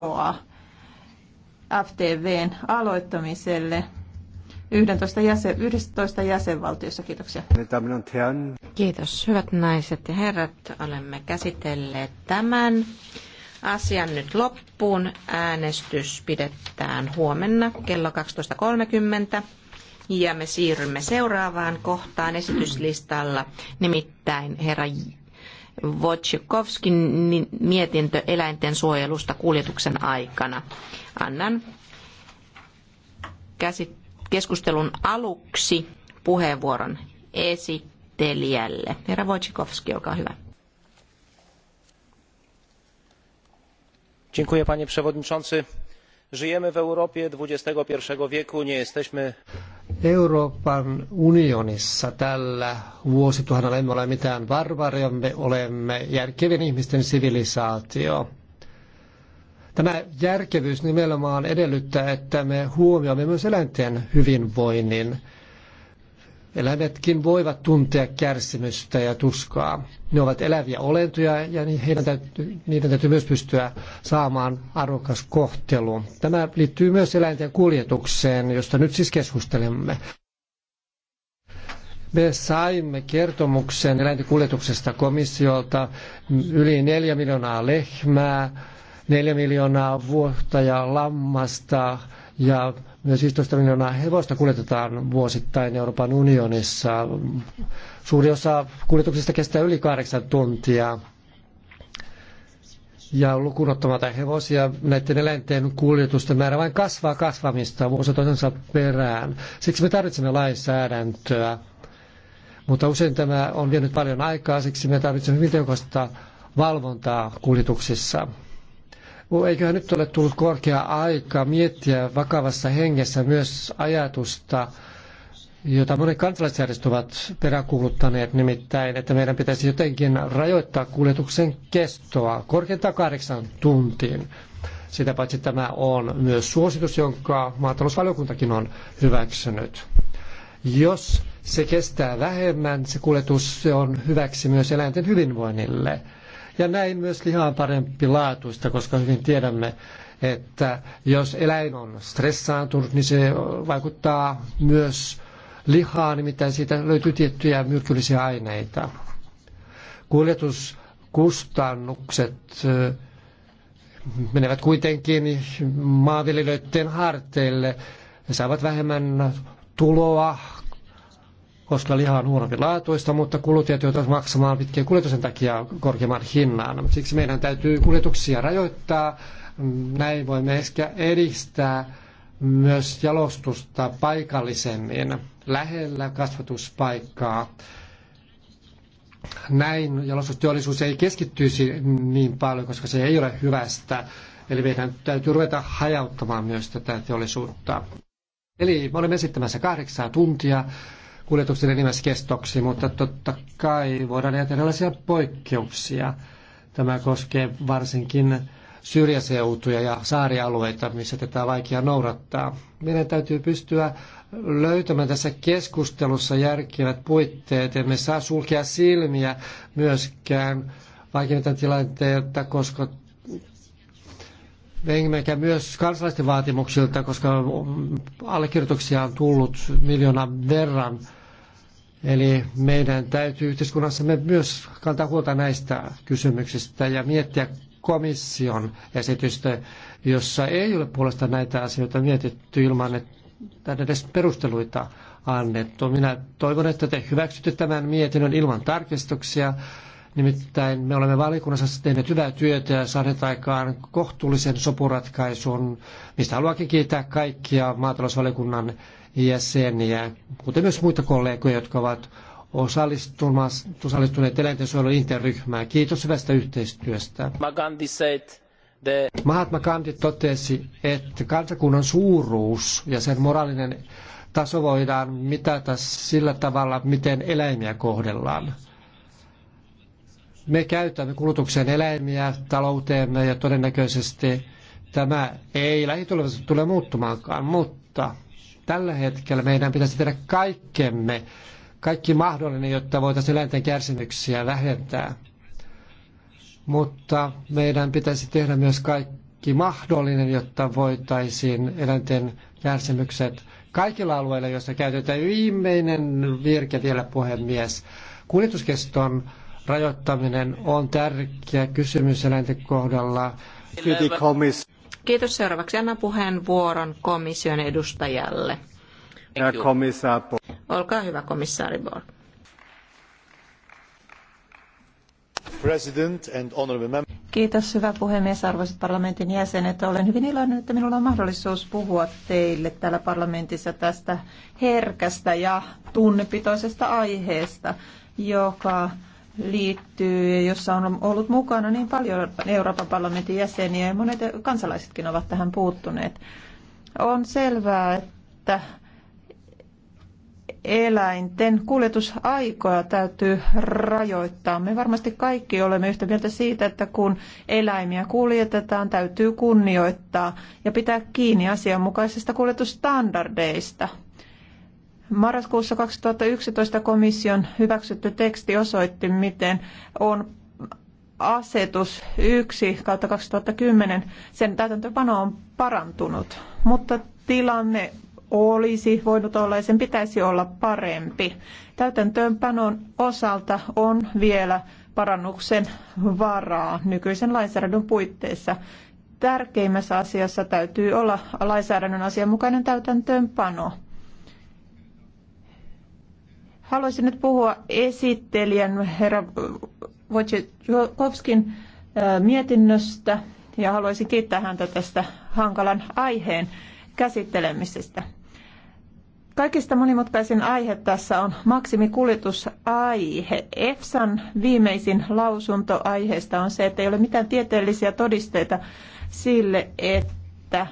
arvoa FTVn aloittamiselle 11, jäsen, 11 jäsenvaltiossa. Kiitoksia. Kiitos. Hyvät naiset ja herrat, olemme käsitelleet tämän asian nyt loppuun. Äänestys pidetään huomenna kello 12.30. Ja me siirrymme seuraavaan kohtaan esityslistalla, nimittäin herra Wojciechowskin mietintö eläinten suojelusta kuljetuksen aikana. Annan keskustelun aluksi puheenvuoron esittelijälle. Herra Wojciechowski, olkaa hyvä. Dziękuję panie przewodniczący. Żyjemy w Europie XXI wieku, nie jesteśmy Euroopan unionissa tällä vuosituhannella emme ole mitään barbaria, me olemme järkevien ihmisten sivilisaatio. Tämä järkevyys nimenomaan edellyttää, että me huomioimme myös eläinten hyvinvoinnin – Eläimetkin voivat tuntea kärsimystä ja tuskaa. Ne ovat eläviä olentoja ja heidän täytyy, niiden täytyy myös pystyä saamaan arvokas kohtelu. Tämä liittyy myös eläinten kuljetukseen, josta nyt siis keskustelemme. Me saimme kertomuksen eläinten kuljetuksesta komissiolta yli neljä miljoonaa lehmää, neljä miljoonaa vuotta ja lammasta ja myös 15 miljoonaa hevosta kuljetetaan vuosittain Euroopan unionissa. Suuri osa kuljetuksista kestää yli kahdeksan tuntia. Ja lukunottamatta hevosia, näiden eläinten kuljetusten määrä vain kasvaa kasvamista vuosi toisensa perään. Siksi me tarvitsemme lainsäädäntöä. Mutta usein tämä on vienyt paljon aikaa, siksi me tarvitsemme hyvin tehokasta valvontaa kuljetuksissa. Eiköhän nyt ole tullut korkea aika miettiä vakavassa hengessä myös ajatusta, jota monet kansalaisjärjestöt ovat peräkuuluttaneet nimittäin, että meidän pitäisi jotenkin rajoittaa kuljetuksen kestoa korkeintaan kahdeksan tuntiin. Sitä paitsi tämä on myös suositus, jonka maatalousvaliokuntakin on hyväksynyt. Jos se kestää vähemmän, se kuljetus se on hyväksi myös eläinten hyvinvoinnille. Ja näin myös liha on parempi laatuista, koska hyvin tiedämme, että jos eläin on stressaantunut, niin se vaikuttaa myös lihaan, nimittäin siitä löytyy tiettyjä myrkyllisiä aineita. Kuljetuskustannukset eh, menevät kuitenkin maanviljelijöiden harteille. He saavat vähemmän tuloa koska liha on huonompi laatuista, mutta kuluttajat joutuvat maksamaan pitkien kuljetuksen takia korkeamman hinnan. Siksi meidän täytyy kuljetuksia rajoittaa. Näin voimme ehkä edistää myös jalostusta paikallisemmin lähellä kasvatuspaikkaa. Näin jalostusteollisuus ei keskittyisi niin paljon, koska se ei ole hyvästä. Eli meidän täytyy ruveta hajauttamaan myös tätä teollisuutta. Eli me olemme esittämässä kahdeksaa tuntia kuljetuksen enimmäiskestoksi, mutta totta kai voidaan tehdä erilaisia poikkeuksia. Tämä koskee varsinkin syrjäseutuja ja saarialueita, missä tätä on vaikea noudattaa. Meidän täytyy pystyä löytämään tässä keskustelussa järkevät puitteet. Emme saa sulkea silmiä myöskään vaikeita tilanteita, koska emmekä myös kansalaisten vaatimuksilta, koska allekirjoituksia on tullut miljoonan verran. Eli meidän täytyy yhteiskunnassamme myös kantaa huolta näistä kysymyksistä ja miettiä komission esitystä, jossa ei ole puolesta näitä asioita mietitty ilman, että edes perusteluita annettu. Minä toivon, että te hyväksytte tämän mietinnön ilman tarkistuksia. Nimittäin me olemme valikunnassa tehneet hyvää työtä ja saaneet aikaan kohtuullisen sopuratkaisun, mistä haluankin kiittää kaikkia maatalousvaliokunnan jäseniä, kuten myös muita kollegoja, jotka ovat osallistuneet eläintensuojelun interryhmään. Kiitos hyvästä yhteistyöstä. Mahatma Gandhi totesi, että kansakunnan suuruus ja sen moraalinen taso voidaan mitata sillä tavalla, miten eläimiä kohdellaan. Me käytämme kulutukseen eläimiä talouteemme ja todennäköisesti tämä ei lähitulevaisuudessa tule muuttumaankaan, mutta Tällä hetkellä meidän pitäisi tehdä kaikkemme, kaikki mahdollinen, jotta voitaisiin eläinten kärsimyksiä vähentää. Mutta meidän pitäisi tehdä myös kaikki mahdollinen, jotta voitaisiin eläinten kärsimykset kaikilla alueilla, joissa käytetään viimeinen virke vielä puhemies. Kuljetuskeston rajoittaminen on tärkeä kysymys eläinten kohdalla. Kiitos. Seuraavaksi annan puheenvuoron komission edustajalle. Olkaa hyvä, komissaari Borg. Kiitos hyvä puhemies, arvoisat parlamentin jäsenet. Olen hyvin iloinen, että minulla on mahdollisuus puhua teille täällä parlamentissa tästä herkästä ja tunnepitoisesta aiheesta, joka liittyy ja jossa on ollut mukana niin paljon Euroopan parlamentin jäseniä ja monet kansalaisetkin ovat tähän puuttuneet. On selvää, että eläinten kuljetusaikoja täytyy rajoittaa. Me varmasti kaikki olemme yhtä mieltä siitä, että kun eläimiä kuljetetaan, täytyy kunnioittaa ja pitää kiinni asianmukaisista kuljetusstandardeista – Marraskuussa 2011 komission hyväksytty teksti osoitti, miten on asetus 1 kautta 2010, sen täytäntöpano on parantunut, mutta tilanne olisi voinut olla ja sen pitäisi olla parempi. Täytäntöönpanon osalta on vielä parannuksen varaa nykyisen lainsäädännön puitteissa. Tärkeimmässä asiassa täytyy olla lainsäädännön asianmukainen täytäntöönpano. Haluaisin nyt puhua esittelijän herra Wojciechowskin mietinnöstä ja haluaisin kiittää häntä tästä hankalan aiheen käsittelemisestä. Kaikista monimutkaisin aihe tässä on maksimikuljetusaihe. EFSAn viimeisin lausunto aiheesta on se, että ei ole mitään tieteellisiä todisteita sille, että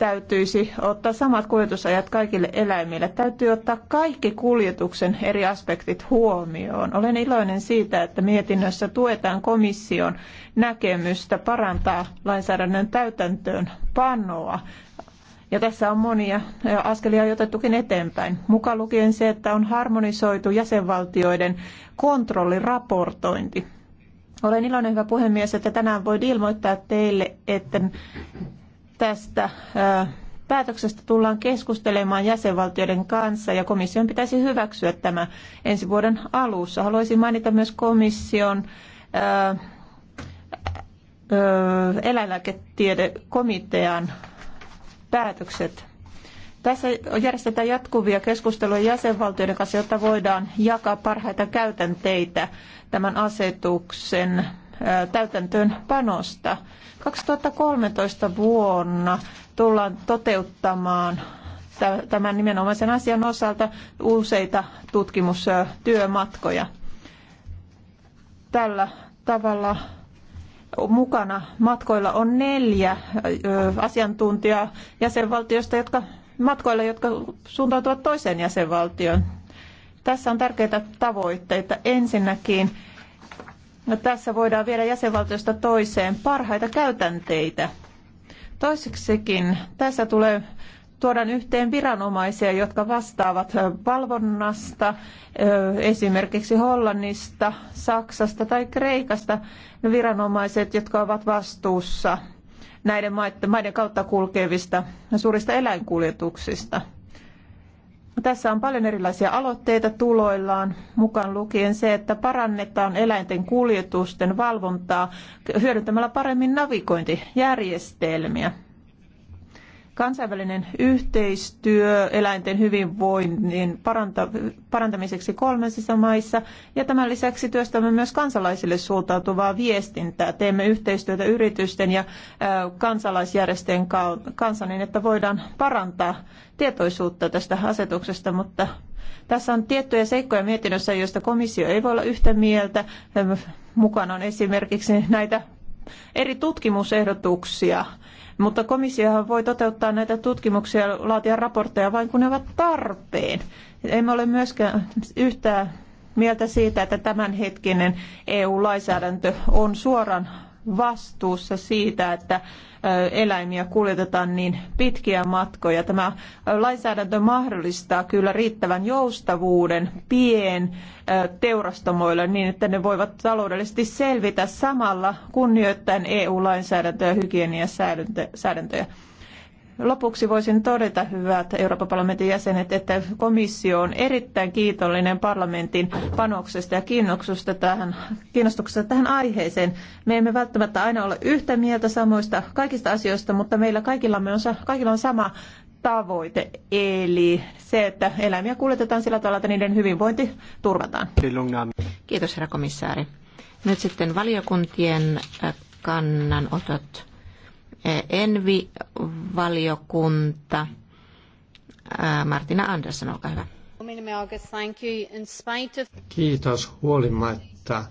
täytyisi ottaa samat kuljetusajat kaikille eläimille. Täytyy ottaa kaikki kuljetuksen eri aspektit huomioon. Olen iloinen siitä, että mietinnössä tuetaan komission näkemystä parantaa lainsäädännön täytäntöön panoa. Ja tässä on monia askelia otettukin eteenpäin, mukaan lukien se, että on harmonisoitu jäsenvaltioiden kontrolliraportointi. Olen iloinen, hyvä puhemies, että tänään voin ilmoittaa teille, että tästä päätöksestä tullaan keskustelemaan jäsenvaltioiden kanssa ja komission pitäisi hyväksyä tämä ensi vuoden alussa. Haluaisin mainita myös komission eläinlääketiedekomitean päätökset. Tässä järjestetään jatkuvia keskusteluja jäsenvaltioiden kanssa, jotta voidaan jakaa parhaita käytänteitä tämän asetuksen Täytäntöönpanosta panosta. 2013 vuonna tullaan toteuttamaan tämän nimenomaisen asian osalta useita tutkimustyömatkoja. Tällä tavalla mukana matkoilla on neljä asiantuntijaa jäsenvaltiosta, jotka matkoilla, jotka suuntautuvat toiseen jäsenvaltioon. Tässä on tärkeitä tavoitteita. Ensinnäkin No, tässä voidaan viedä jäsenvaltiosta toiseen parhaita käytänteitä. Toiseksikin tässä tulee tuodaan yhteen viranomaisia, jotka vastaavat valvonnasta, esimerkiksi Hollannista, Saksasta tai Kreikasta, ne viranomaiset, jotka ovat vastuussa näiden maiden kautta kulkevista suurista eläinkuljetuksista. Tässä on paljon erilaisia aloitteita tuloillaan, mukaan lukien se, että parannetaan eläinten kuljetusten valvontaa hyödyntämällä paremmin navigointijärjestelmiä. Kansainvälinen yhteistyö eläinten hyvinvoinnin parantamiseksi kolmansissa maissa ja tämän lisäksi työstämme myös kansalaisille suuntautuvaa viestintää. Teemme yhteistyötä yritysten ja kansalaisjärjestöjen kanssa niin, että voidaan parantaa tietoisuutta tästä asetuksesta, mutta tässä on tiettyjä seikkoja mietinnössä, joista komissio ei voi olla yhtä mieltä. Mukana on esimerkiksi näitä eri tutkimusehdotuksia mutta komissiohan voi toteuttaa näitä tutkimuksia ja laatia raportteja vain kun ne ovat tarpeen. Emme ole myöskään yhtään mieltä siitä, että tämänhetkinen EU-lainsäädäntö on suoraan vastuussa siitä, että eläimiä kuljetetaan niin pitkiä matkoja. Tämä lainsäädäntö mahdollistaa kyllä riittävän joustavuuden pien teurastomoille niin, että ne voivat taloudellisesti selvitä samalla kunnioittaen EU-lainsäädäntöä ja hygieniasäädäntöjä. Lopuksi voisin todeta, hyvät Euroopan parlamentin jäsenet, että komissio on erittäin kiitollinen parlamentin panoksesta ja kiinnostuksesta tähän, kiinnostuksesta tähän aiheeseen. Me emme välttämättä aina ole yhtä mieltä samoista kaikista asioista, mutta meillä kaikilla, me on, kaikilla on sama tavoite, eli se, että eläimiä kuljetetaan sillä tavalla, että niiden hyvinvointi turvataan. Kiitos herra komissaari. Nyt sitten valiokuntien kannanotot. Envi-valiokunta. Martina Andersson, olkaa hyvä. Kiitos huolimatta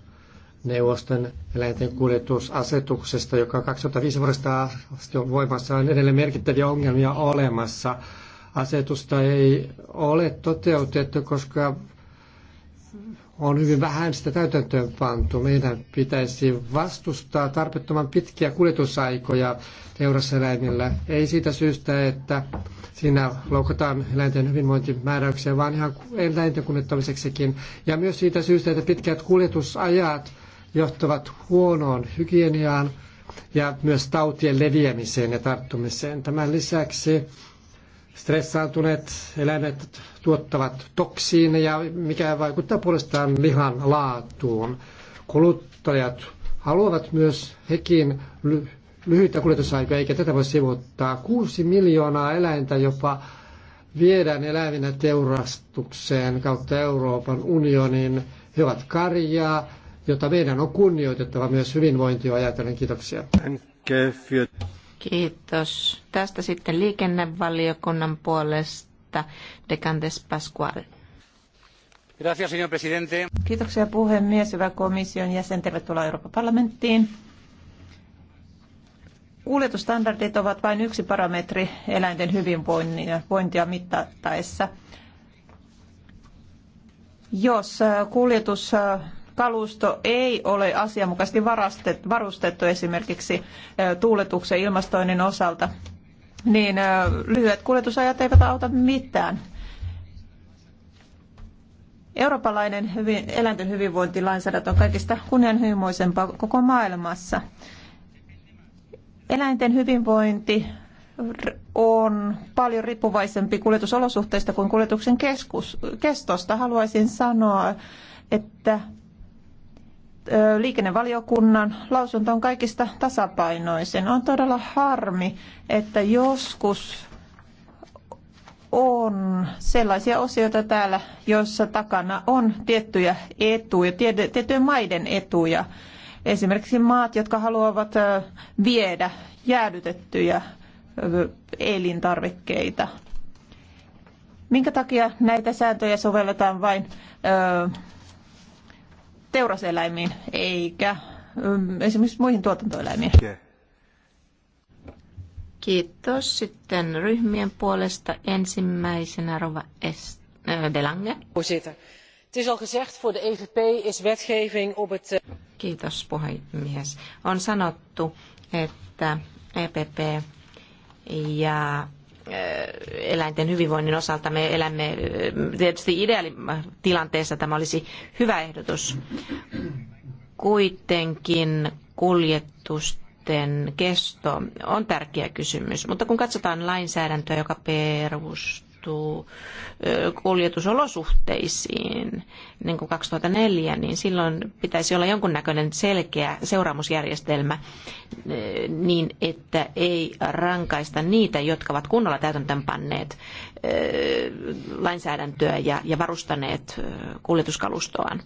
neuvoston eläinten kuljetusasetuksesta, joka 2005 vuodesta asti on voimassa, on edelleen merkittäviä ongelmia olemassa. Asetusta ei ole toteutettu, koska on hyvin vähän sitä täytäntöön pantu. Meidän pitäisi vastustaa tarpeettoman pitkiä kuljetusaikoja teuraseläimillä. Ei siitä syystä, että siinä loukataan eläinten hyvinvointimääräyksiä, vaan ihan eläinten kunnettamiseksikin. Ja myös siitä syystä, että pitkät kuljetusajat johtavat huonoon hygieniaan ja myös tautien leviämiseen ja tarttumiseen. Tämän lisäksi Stressaantuneet eläimet tuottavat toksiineja, mikä vaikuttaa puolestaan lihan laatuun. Kuluttajat haluavat myös hekin lyhyitä kuljetusaikoja, eikä tätä voi sivuuttaa. Kuusi miljoonaa eläintä jopa viedään eläiminä teurastukseen kautta Euroopan unionin. He ovat karjaa, jota meidän on kunnioitettava myös hyvinvointia ajatellen. Kiitoksia. Kiitos. Tästä sitten liikennevaliokunnan puolesta Decantes Pascual. Gracias, señor presidente. Kiitoksia puhemies, hyvä komission jäsen, tervetuloa Euroopan parlamenttiin. Kuljetusstandardit ovat vain yksi parametri eläinten hyvinvointia mittaessa. Jos kuljetus kalusto ei ole asianmukaisesti varustettu esimerkiksi tuuletuksen ilmastoinnin osalta, niin lyhyet kuljetusajat eivät auta mitään. Eurooppalainen hyvin, eläinten hyvinvointilainsäädäntö on kaikista kunnianhimoisempaa koko maailmassa. Eläinten hyvinvointi on paljon riippuvaisempi kuljetusolosuhteista kuin kuljetuksen keskus, kestosta. Haluaisin sanoa, että liikennevaliokunnan lausunto on kaikista tasapainoisin. On todella harmi, että joskus on sellaisia osioita täällä, joissa takana on tiettyjä etuja, tiettyjen maiden etuja. Esimerkiksi maat, jotka haluavat viedä jäädytettyjä elintarvikkeita. Minkä takia näitä sääntöjä sovelletaan vain teuraseläimiin eikä mm, esimerkiksi muihin tuotantoeläimiin. Kiitos. Sitten ryhmien puolesta ensimmäisenä Rova es. Äh, Delange. E eh, Kiitos puhemies. On sanottu, että EPP ja Eh, eläinten hyvinvoinnin osalta. Me elämme eh, tietysti ideaalitilanteessa tämä olisi hyvä ehdotus. Kuitenkin kuljetusten kesto on tärkeä kysymys, mutta kun katsotaan lainsäädäntöä, joka perustuu perustuu kuljetusolosuhteisiin, niin kuin 2004, niin silloin pitäisi olla jonkunnäköinen selkeä seuraamusjärjestelmä niin, että ei rankaista niitä, jotka ovat kunnolla täytäntöönpanneet lainsäädäntöä ja varustaneet kuljetuskalustoaan.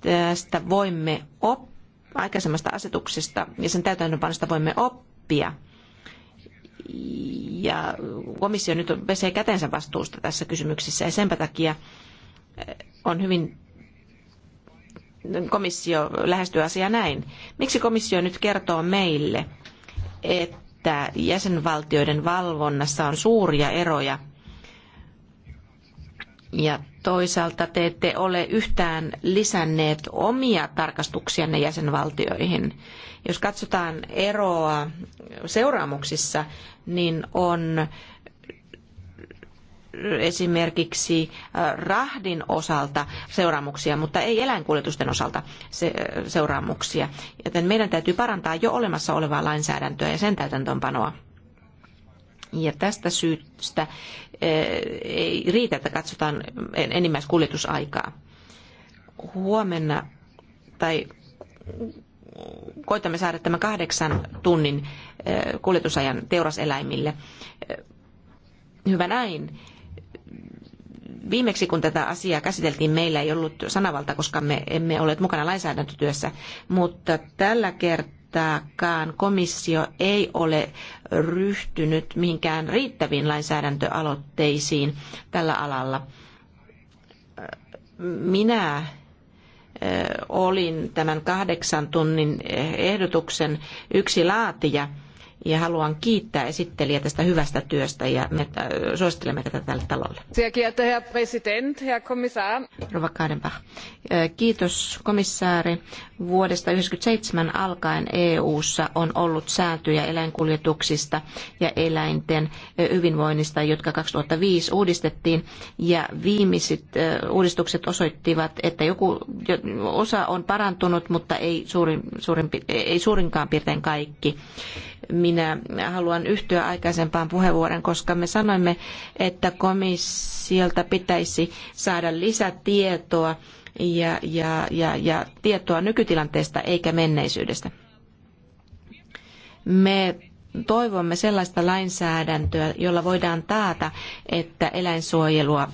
Tästä voimme oppia aikaisemmasta asetuksesta ja sen täytäntöönpanosta voimme oppia ja komissio nyt pesee kätensä vastuusta tässä kysymyksessä ja senpä takia eh, on hyvin komissio lähestyy asiaa näin. Miksi komissio nyt kertoo meille, että jäsenvaltioiden valvonnassa on suuria eroja ja toisaalta te ette ole yhtään lisänneet omia tarkastuksianne jäsenvaltioihin. Jos katsotaan eroa seuraamuksissa, niin on esimerkiksi äh, rahdin osalta seuraamuksia, mutta ei eläinkuljetusten osalta äh, seuraamuksia. Joten meidän täytyy parantaa jo olemassa olevaa lainsäädäntöä ja sen täytäntöönpanoa. Ja tästä syystä eh, ei riitä, että katsotaan enimmäiskuljetusaikaa. Huomenna tai koitamme saada tämän kahdeksan tunnin eh, kuljetusajan teuraseläimille. Eh, hyvä näin. Viimeksi kun tätä asiaa käsiteltiin, meillä ei ollut sanavalta, koska me emme olleet mukana lainsäädäntötyössä, mutta tällä kertaa kertaakaan komissio ei ole ryhtynyt mihinkään riittäviin lainsäädäntöaloitteisiin tällä alalla. Minä olin tämän kahdeksan tunnin ehdotuksen yksi laatija – ja haluan kiittää esittelijä tästä hyvästä työstä ja me äh, suosittelemme tätä tälle talolle. Rova Kadenbach. Äh, kiitos komissaari. Vuodesta 1997 alkaen EU:ssa on ollut sääntöjä eläinkuljetuksista ja eläinten äh, hyvinvoinnista, jotka 2005 uudistettiin ja viimeiset uudistukset osoittivat, että joku osa on parantunut, mutta ei, suurin, suurin, ei suurinkaan piirtein kaikki minä haluan yhtyä aikaisempaan puheenvuoron, koska me sanoimme, että komissiolta pitäisi saada lisätietoa ja, ja, ja, ja tietoa nykytilanteesta eikä menneisyydestä. Me toivomme sellaista lainsäädäntöä, jolla voidaan taata, että eläinsuojelua,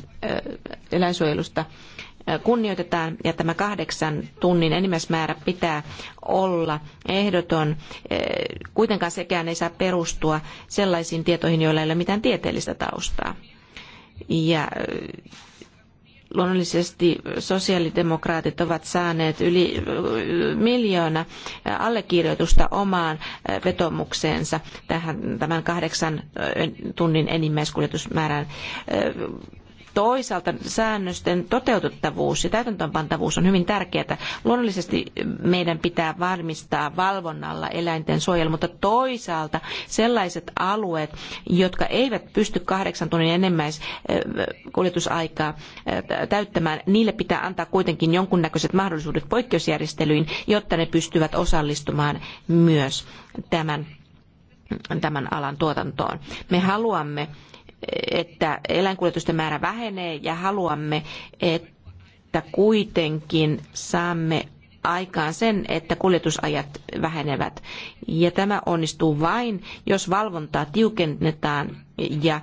eläinsuojelusta kunnioitetaan ja tämä kahdeksan tunnin enimmäismäärä pitää olla ehdoton. Kuitenkaan sekään ei saa perustua sellaisiin tietoihin, joilla ei ole mitään tieteellistä taustaa. Ja luonnollisesti sosiaalidemokraatit ovat saaneet yli miljoona allekirjoitusta omaan vetomukseensa tähän, tämän kahdeksan tunnin enimmäiskuljetusmäärän Toisaalta säännösten toteutettavuus ja täytäntöönpantavuus on hyvin tärkeää. Luonnollisesti meidän pitää varmistaa valvonnalla eläinten suojelu, mutta toisaalta sellaiset alueet, jotka eivät pysty kahdeksan tunnin enimmäiskuljetusaikaa täyttämään, niille pitää antaa kuitenkin jonkunnäköiset mahdollisuudet poikkeusjärjestelyin, jotta ne pystyvät osallistumaan myös tämän tämän alan tuotantoon. Me haluamme että eläinkuljetusten määrä vähenee ja haluamme, että kuitenkin saamme aikaan sen, että kuljetusajat vähenevät. Ja tämä onnistuu vain, jos valvontaa tiukennetaan ja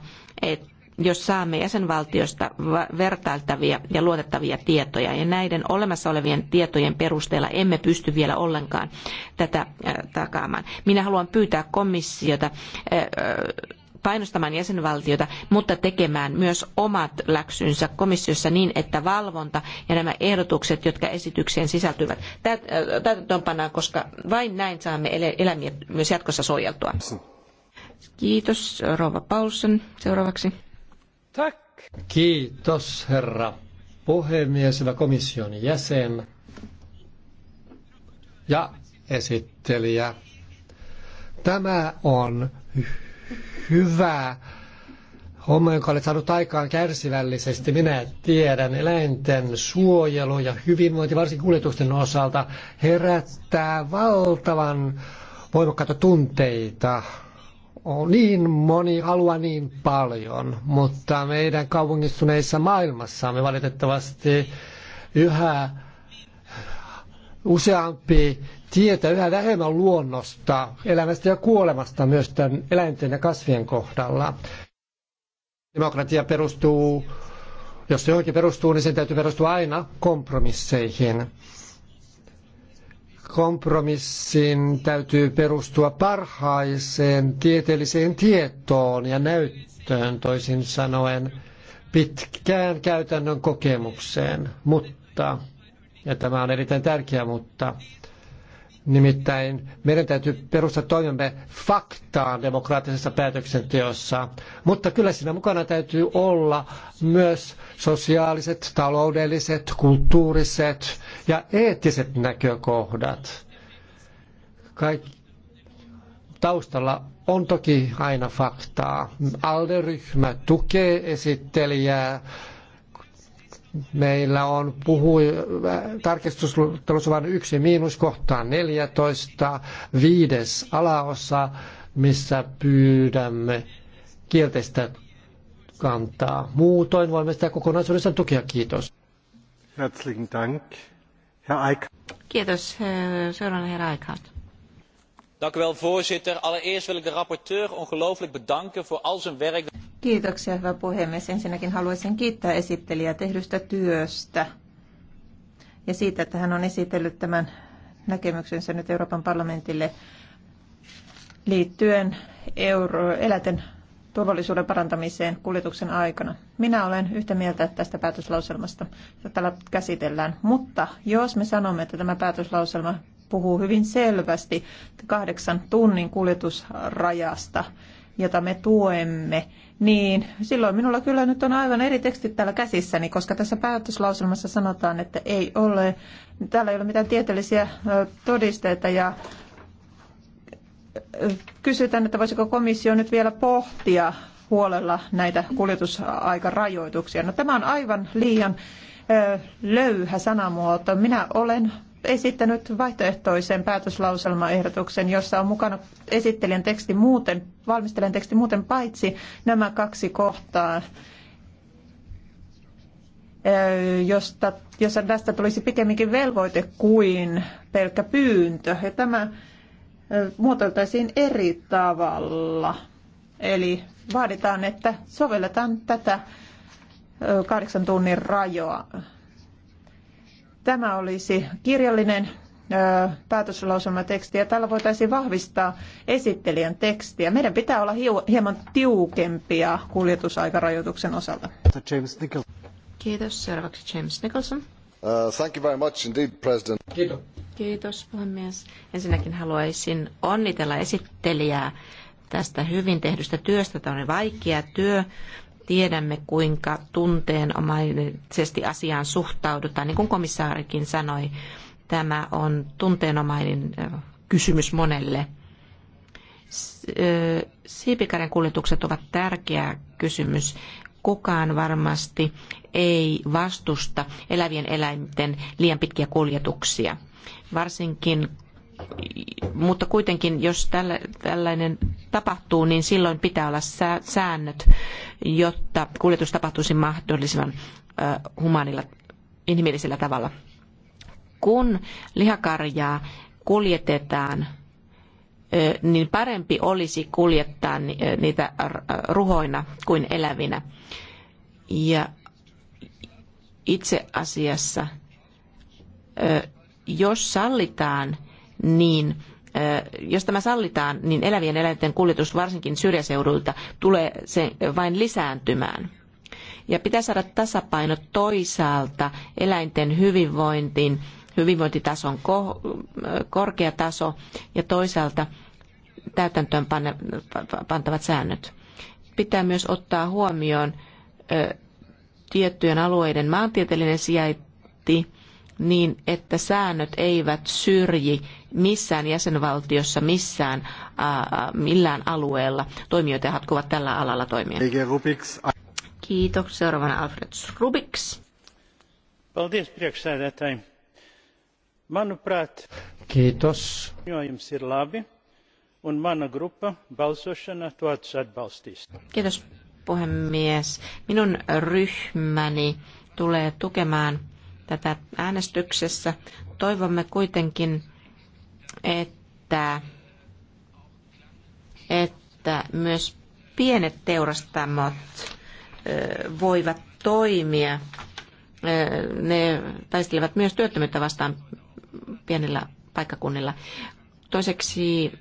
jos saamme jäsenvaltiosta vertailtavia ja luotettavia tietoja. Ja näiden olemassa olevien tietojen perusteella emme pysty vielä ollenkaan tätä äh, takaamaan. Minä haluan pyytää komissiota äh, painostamaan jäsenvaltioita, mutta tekemään myös omat läksynsä komissiossa niin, että valvonta ja nämä ehdotukset, jotka esitykseen sisältyvät, äh, täytäntöönpannaan, koska vain näin saamme eläimiä myös jatkossa suojeltua. Kiitos, Rova Paulsen. Seuraavaksi. Tack. Kiitos, herra puhemies, hyvä komission jäsen ja esittelijä. Tämä on hyvää homma, jonka olet saanut aikaan kärsivällisesti. Minä tiedän eläinten suojelu ja hyvinvointi, varsinkin kuljetusten osalta, herättää valtavan voimakkaita tunteita. On niin moni alue niin paljon, mutta meidän kaupungistuneissa maailmassamme valitettavasti yhä useampi tietä yhä vähemmän luonnosta, elämästä ja kuolemasta myös tämän eläinten ja kasvien kohdalla. Demokratia perustuu, jos se johonkin perustuu, niin sen täytyy perustua aina kompromisseihin. Kompromissin täytyy perustua parhaiseen tieteelliseen tietoon ja näyttöön, toisin sanoen pitkään käytännön kokemukseen. Mutta, ja tämä on erittäin tärkeä, mutta Nimittäin meidän täytyy perustaa toimimme faktaan demokraattisessa päätöksenteossa, mutta kyllä siinä mukana täytyy olla myös sosiaaliset, taloudelliset, kulttuuriset ja eettiset näkökohdat. Kaik- taustalla on toki aina faktaa. Alderyhmä tukee esittelijää Meillä on puhui, tarkistusluettelossa vain yksi miinus kohtaan 14, viides alaosa, missä pyydämme kielteistä kantaa. Muutoin voimme sitä kokonaisuudessaan tukea. Kiitos. Herzlichen Dank. Herr Kiitos. Seuraavana herra Eickhout. Dank u wel, voorzitter. Allereerst wil ik de rapporteur ongelooflijk bedanken voor al zijn werk. Kiitoksia, hyvä puhemies. Ensinnäkin haluaisin kiittää esittelijää tehdystä työstä ja siitä, että hän on esitellyt tämän näkemyksensä nyt Euroopan parlamentille liittyen euro, eläten turvallisuuden parantamiseen kuljetuksen aikana. Minä olen yhtä mieltä tästä päätöslauselmasta, jota täällä käsitellään. Mutta jos me sanomme, että tämä päätöslauselma puhuu hyvin selvästi kahdeksan tunnin kuljetusrajasta, jota me tuemme, niin silloin minulla kyllä nyt on aivan eri tekstit täällä käsissäni, koska tässä päätöslauselmassa sanotaan, että ei ole, täällä ei ole mitään tieteellisiä todisteita ja kysytään, että voisiko komissio nyt vielä pohtia huolella näitä kuljetusaikarajoituksia. No tämä on aivan liian löyhä sanamuoto. Minä olen esittänyt vaihtoehtoisen päätöslauselmaehdotuksen, jossa on mukana esittelijän teksti muuten, valmistelijan teksti muuten paitsi nämä kaksi kohtaa, josta, jossa tästä tulisi pikemminkin velvoite kuin pelkkä pyyntö. Ja tämä muotoiltaisiin eri tavalla. Eli vaaditaan, että sovelletaan tätä kahdeksan tunnin rajoa, Tämä olisi kirjallinen ja Tällä voitaisiin vahvistaa esittelijän tekstiä. Meidän pitää olla hieman tiukempia kuljetusaikarajoituksen osalta. James Nicholson. Kiitos. Seuraavaksi James Nicholson. Uh, thank you very much indeed, President. Kiitos. Kiitos puhemies. Ensinnäkin haluaisin onnitella esittelijää tästä hyvin tehdystä työstä. Tämä on vaikea työ Tiedämme, kuinka tunteenomaisesti asiaan suhtaudutaan. Niin kuin komissaarikin sanoi, tämä on tunteenomainen kysymys monelle. Siipikaren kuljetukset ovat tärkeä kysymys. Kukaan varmasti ei vastusta elävien eläinten liian pitkiä kuljetuksia. Varsinkin mutta kuitenkin, jos tällainen tapahtuu, niin silloin pitää olla säännöt, jotta kuljetus tapahtuisi mahdollisimman humanilla, inhimillisellä tavalla. Kun lihakarjaa kuljetetaan, niin parempi olisi kuljettaa niitä ruhoina kuin elävinä. Ja itse asiassa, jos sallitaan niin jos tämä sallitaan, niin elävien eläinten kuljetus varsinkin syrjäseuduilta tulee se vain lisääntymään. Ja pitää saada tasapaino toisaalta eläinten hyvinvointiin, hyvinvointitason korkea taso ja toisaalta täytäntöön pantavat säännöt. Pitää myös ottaa huomioon tiettyjen alueiden maantieteellinen sijainti niin, että säännöt eivät syrji missään jäsenvaltiossa, missään, millään alueella toimijoita, jotka ovat tällä alalla toimia. Kiitos. Seuraavana Alfred Rubiks. Kiitos. Kiitos puhemies. Minun ryhmäni tulee tukemaan tätä äänestyksessä. Toivomme kuitenkin, että, että myös pienet teurastamot voivat toimia. Ne taistelevat myös työttömyyttä vastaan pienillä paikkakunnilla. Toiseksi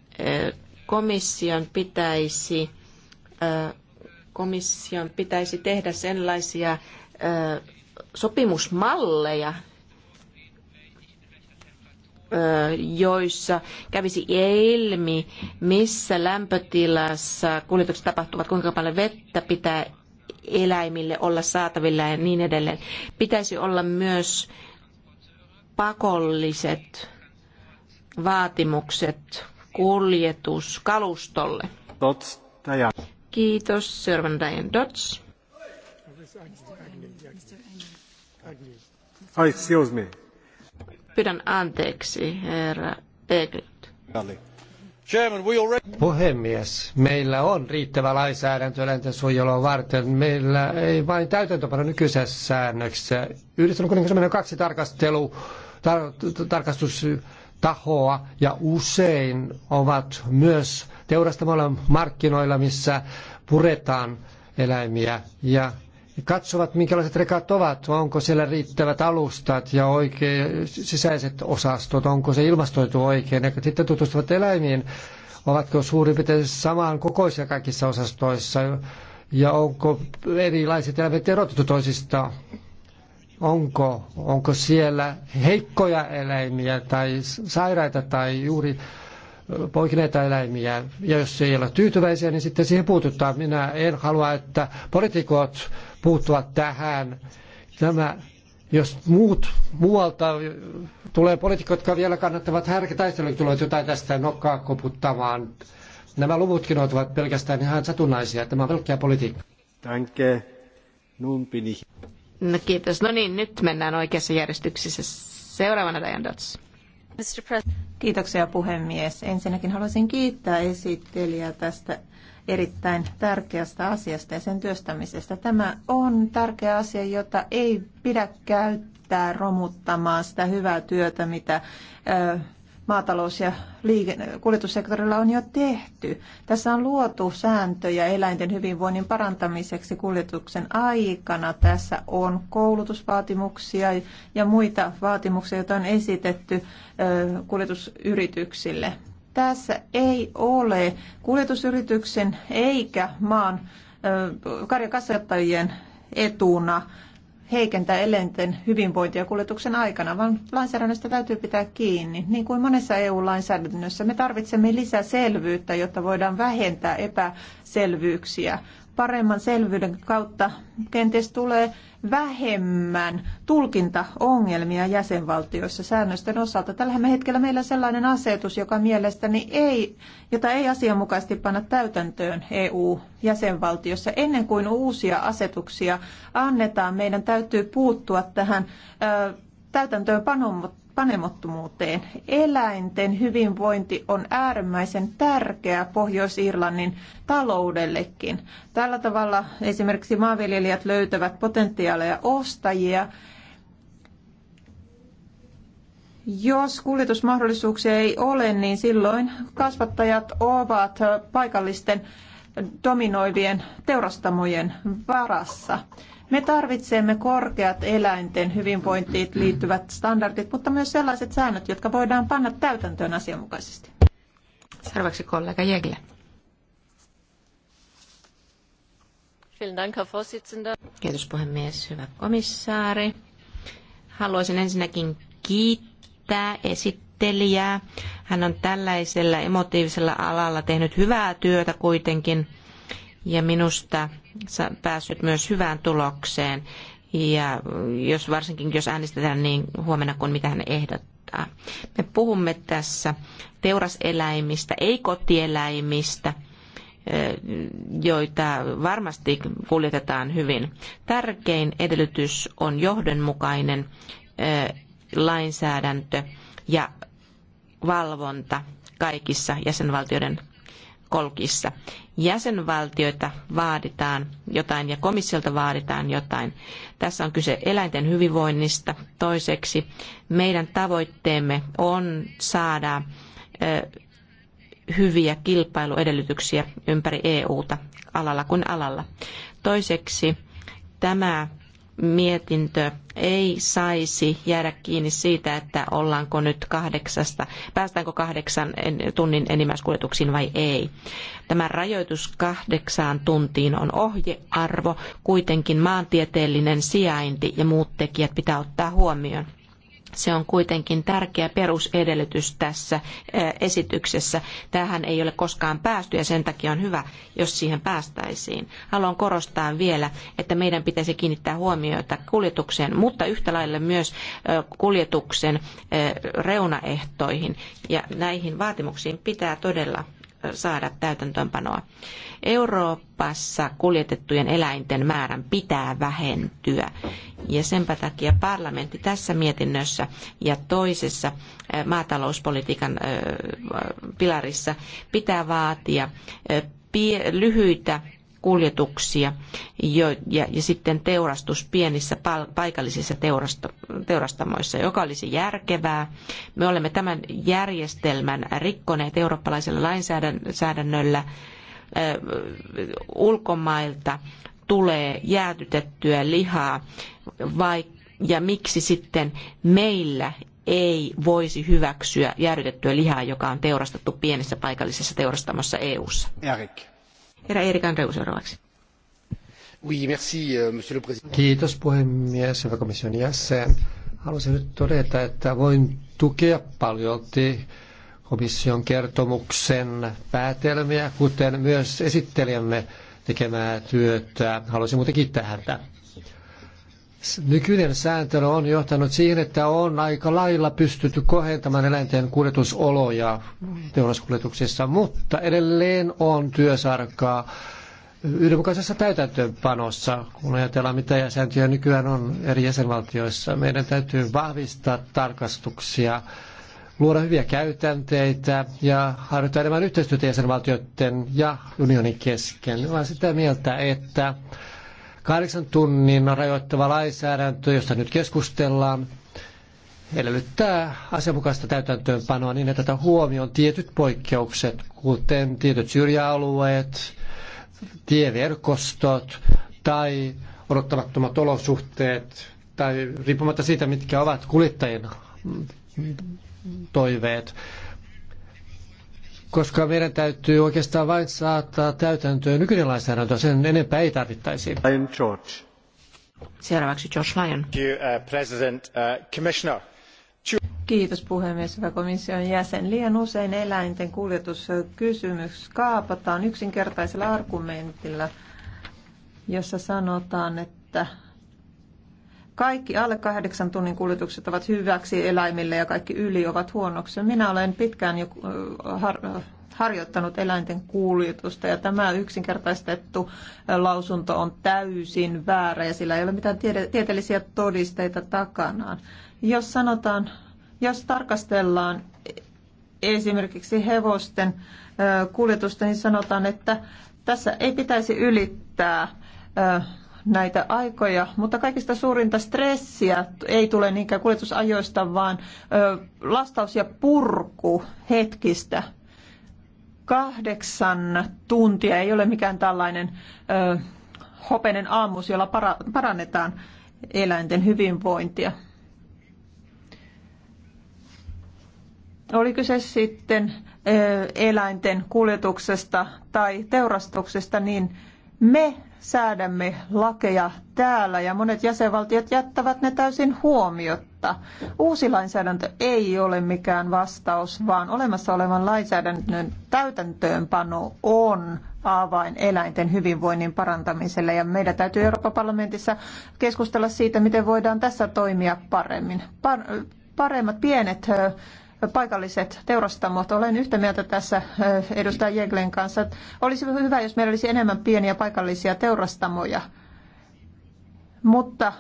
komission pitäisi, komission pitäisi tehdä sellaisia sopimusmalleja, joissa kävisi ilmi, missä lämpötilassa kuljetukset tapahtuvat, kuinka paljon vettä pitää eläimille olla saatavilla ja niin edelleen. Pitäisi olla myös pakolliset vaatimukset kuljetuskalustolle. Dots, Kiitos, Sörvän Dots. Oh, Pyydän anteeksi, herra Eglund. Puhemies, meillä on riittävä lainsäädäntö eläinten suojelua varten. Meillä ei vain täytäntöpano nykyisessä säännöksessä. Yhdistelmän kuningasminen on kaksi tarkastelu, tar- tarkastustahoa ja usein ovat myös teurastamoilla markkinoilla, missä puretaan eläimiä ja katsovat, minkälaiset rekat ovat, onko siellä riittävät alustat ja oikein sisäiset osastot, onko se ilmastoitu oikein. Ja sitten tutustuvat eläimiin, ovatko suurin piirtein samaan kokoisia kaikissa osastoissa ja onko erilaiset eläimet erotettu toisistaan. Onko, onko siellä heikkoja eläimiä tai sairaita tai juuri poikineita eläimiä. Ja jos ei ole tyytyväisiä, niin sitten siihen puututaan. Minä en halua, että poliitikot puuttuvat tähän. Tämä, jos muut muualta tulee poliitikot, jotka vielä kannattavat härkätaistelua, tulee jotain tästä nokkaa koputtamaan. Nämä luvutkin ovat pelkästään ihan satunnaisia. Tämä on pelkkää politiikkaa. Danke. Nun No kiitos. No niin, nyt mennään oikeassa järjestyksessä. Seuraavana Diane Dots. Kiitoksia puhemies. Ensinnäkin haluaisin kiittää esittelijää tästä erittäin tärkeästä asiasta ja sen työstämisestä. Tämä on tärkeä asia, jota ei pidä käyttää romuttamaan sitä hyvää työtä, mitä maatalous- ja kuljetussektorilla on jo tehty. Tässä on luotu sääntöjä eläinten hyvinvoinnin parantamiseksi kuljetuksen aikana. Tässä on koulutusvaatimuksia ja muita vaatimuksia, joita on esitetty kuljetusyrityksille. Tässä ei ole kuljetusyrityksen eikä maan karjakasvattajien etuna heikentää eläinten hyvinvointia kuljetuksen aikana, vaan lainsäädännöstä täytyy pitää kiinni. Niin kuin monessa EU-lainsäädännössä, me tarvitsemme lisää selvyyttä, jotta voidaan vähentää epäselvyyksiä paremman selvyyden kautta kenties tulee vähemmän tulkintaongelmia jäsenvaltioissa säännösten osalta. Tällä hetkellä meillä on sellainen asetus, joka mielestäni ei, jota ei asianmukaisesti panna täytäntöön EU-jäsenvaltiossa. Ennen kuin uusia asetuksia annetaan, meidän täytyy puuttua tähän ö, täytäntöönpanon panemottomuuteen. Eläinten hyvinvointi on äärimmäisen tärkeää Pohjois-Irlannin taloudellekin. Tällä tavalla esimerkiksi maanviljelijät löytävät potentiaaleja ostajia. Jos kuljetusmahdollisuuksia ei ole, niin silloin kasvattajat ovat paikallisten dominoivien teurastamojen varassa. Me tarvitsemme korkeat eläinten hyvinvointiin liittyvät standardit, mutta myös sellaiset säännöt, jotka voidaan panna täytäntöön asianmukaisesti. Seuraavaksi kollega Jegle. Kiitos puhemies, hyvä komissaari. Haluaisin ensinnäkin kiittää esittelijää. Hän on tällaisella emotiivisella alalla tehnyt hyvää työtä kuitenkin ja minusta päässyt myös hyvään tulokseen. Ja jos varsinkin jos äänestetään niin huomenna kuin mitä hän ehdottaa. Me puhumme tässä teuraseläimistä, ei kotieläimistä, joita varmasti kuljetetaan hyvin. Tärkein edellytys on johdonmukainen lainsäädäntö ja valvonta kaikissa jäsenvaltioiden kolkissa. Jäsenvaltioita vaaditaan jotain ja komissiolta vaaditaan jotain. Tässä on kyse eläinten hyvinvoinnista. Toiseksi meidän tavoitteemme on saada hyviä kilpailuedellytyksiä ympäri EUta alalla kuin alalla. Toiseksi tämä mietintö ei saisi jäädä kiinni siitä, että ollaanko nyt kahdeksasta, päästäänkö kahdeksan tunnin enimmäiskuljetuksiin vai ei. Tämä rajoitus kahdeksaan tuntiin on ohjearvo, kuitenkin maantieteellinen sijainti ja muut tekijät pitää ottaa huomioon. Se on kuitenkin tärkeä perusedellytys tässä esityksessä. Tähän ei ole koskaan päästy ja sen takia on hyvä, jos siihen päästäisiin. Haluan korostaa vielä, että meidän pitäisi kiinnittää huomiota kuljetukseen, mutta yhtä lailla myös kuljetuksen reunaehtoihin. Ja näihin vaatimuksiin pitää todella saada täytäntöönpanoa. Euroopassa kuljetettujen eläinten määrän pitää vähentyä ja senpä takia parlamentti tässä mietinnössä ja toisessa maatalouspolitiikan pilarissa pitää vaatia lyhyitä kuljetuksia jo, ja, ja sitten teurastus pienissä paikallisissa teurasto- teurastamoissa, joka olisi järkevää. Me olemme tämän järjestelmän rikkoneet eurooppalaisella lainsäädännöllä ulkomailta tulee jäätytettyä lihaa vai, ja miksi sitten meillä ei voisi hyväksyä jäädytettyä lihaa, joka on teurastettu pienessä paikallisessa teurastamossa EU-ssa. Erik. Herra seuraavaksi. Oui, merci, euh, monsieur le président. Kiitos puhemies, hyvä komission jäsen. Haluaisin nyt todeta, että voin tukea paljolti komission kertomuksen päätelmiä, kuten myös esittelijämme tekemää työtä. Haluaisin muuten kiittää häntä nykyinen sääntely on johtanut siihen, että on aika lailla pystytty kohentamaan eläinten kuljetusoloja teuraskuljetuksissa, mutta edelleen on työsarkaa yhdenmukaisessa täytäntöönpanossa, kun ajatellaan mitä sääntöjä nykyään on eri jäsenvaltioissa. Meidän täytyy vahvistaa tarkastuksia, luoda hyviä käytänteitä ja harjoittaa enemmän yhteistyötä jäsenvaltioiden ja unionin kesken. Olen sitä mieltä, että Kahdeksan tunnin rajoittava lainsäädäntö, josta nyt keskustellaan, edellyttää asianmukaista täytäntöönpanoa niin, että tätä huomioon tietyt poikkeukset, kuten tietyt syrjäalueet, tieverkostot tai odottamattomat olosuhteet, tai riippumatta siitä, mitkä ovat kuljettajien toiveet koska meidän täytyy oikeastaan vain saattaa täytäntöön nykyinen lainsäädäntö, sen enempää ei tarvittaisi. am George. Seuraavaksi Josh Lyon. Uh, President, uh, Commissioner. Kiitos puhemies, hyvä komission jäsen. Liian usein eläinten kuljetuskysymys kaapataan yksinkertaisella argumentilla, jossa sanotaan, että kaikki alle kahdeksan tunnin kuljetukset ovat hyväksi eläimille ja kaikki yli ovat huonoksi. Minä olen pitkään jo har, harjoittanut eläinten kuljetusta ja tämä yksinkertaistettu lausunto on täysin väärä ja sillä ei ole mitään tiede, tieteellisiä todisteita takanaan. Jos sanotaan, jos tarkastellaan e-, esimerkiksi hevosten kuljetusta, niin sanotaan, että tässä ei pitäisi ylittää näitä aikoja, mutta kaikista suurinta stressiä ei tule niinkään kuljetusajoista, vaan lastaus- ja purku hetkistä. Kahdeksan tuntia ei ole mikään tällainen ö, hopeinen aamus, jolla para- parannetaan eläinten hyvinvointia. Oli kyse sitten eläinten kuljetuksesta tai teurastuksesta, niin me säädämme lakeja täällä ja monet jäsenvaltiot jättävät ne täysin huomiotta. Uusi lainsäädäntö ei ole mikään vastaus, vaan olemassa olevan lainsäädännön täytäntöönpano on avain eläinten hyvinvoinnin parantamiselle ja meidän täytyy Euroopan parlamentissa keskustella siitä, miten voidaan tässä toimia paremmin. paremmat pienet paikalliset teurastamot. Olen yhtä mieltä tässä eh, edustaja Jeglen kanssa. Olisi hyvä, jos meillä olisi enemmän pieniä paikallisia teurastamoja. Mutta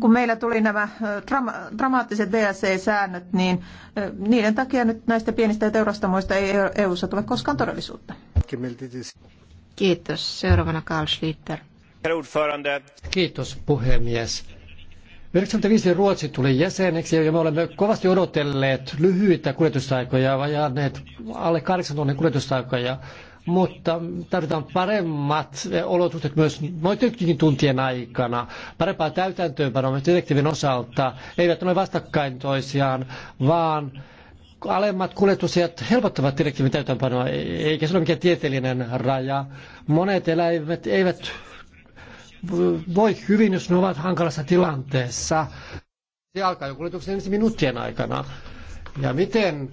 kun meillä tuli nämä eh, dramaattiset DSC-säännöt, niin eh, niiden takia nyt näistä pienistä teurastamoista ei EU-ssa e tule koskaan todellisuutta. Kiitos. Seuraavana Karl Schlitter. Kiitos puhemies 95 Ruotsi tuli jäseneksi ja me olemme kovasti odotelleet lyhyitä kuljetusaikoja, vajanneet alle 8 tunnin kuljetusaikoja, mutta tarvitaan paremmat olosuhteet myös noidenkin tuntien aikana, parempaa täytäntöönpanoa myös direktiivin osalta, eivät ole vastakkain toisiaan, vaan alemmat kuljetusajat helpottavat direktiivin täytäntöönpanoa, eikä se ole mikään tieteellinen raja. Monet eläimet eivät voi hyvin, jos ne ovat hankalassa tilanteessa. Se alkaa jo kuljetuksen ensi minuuttien aikana. Ja miten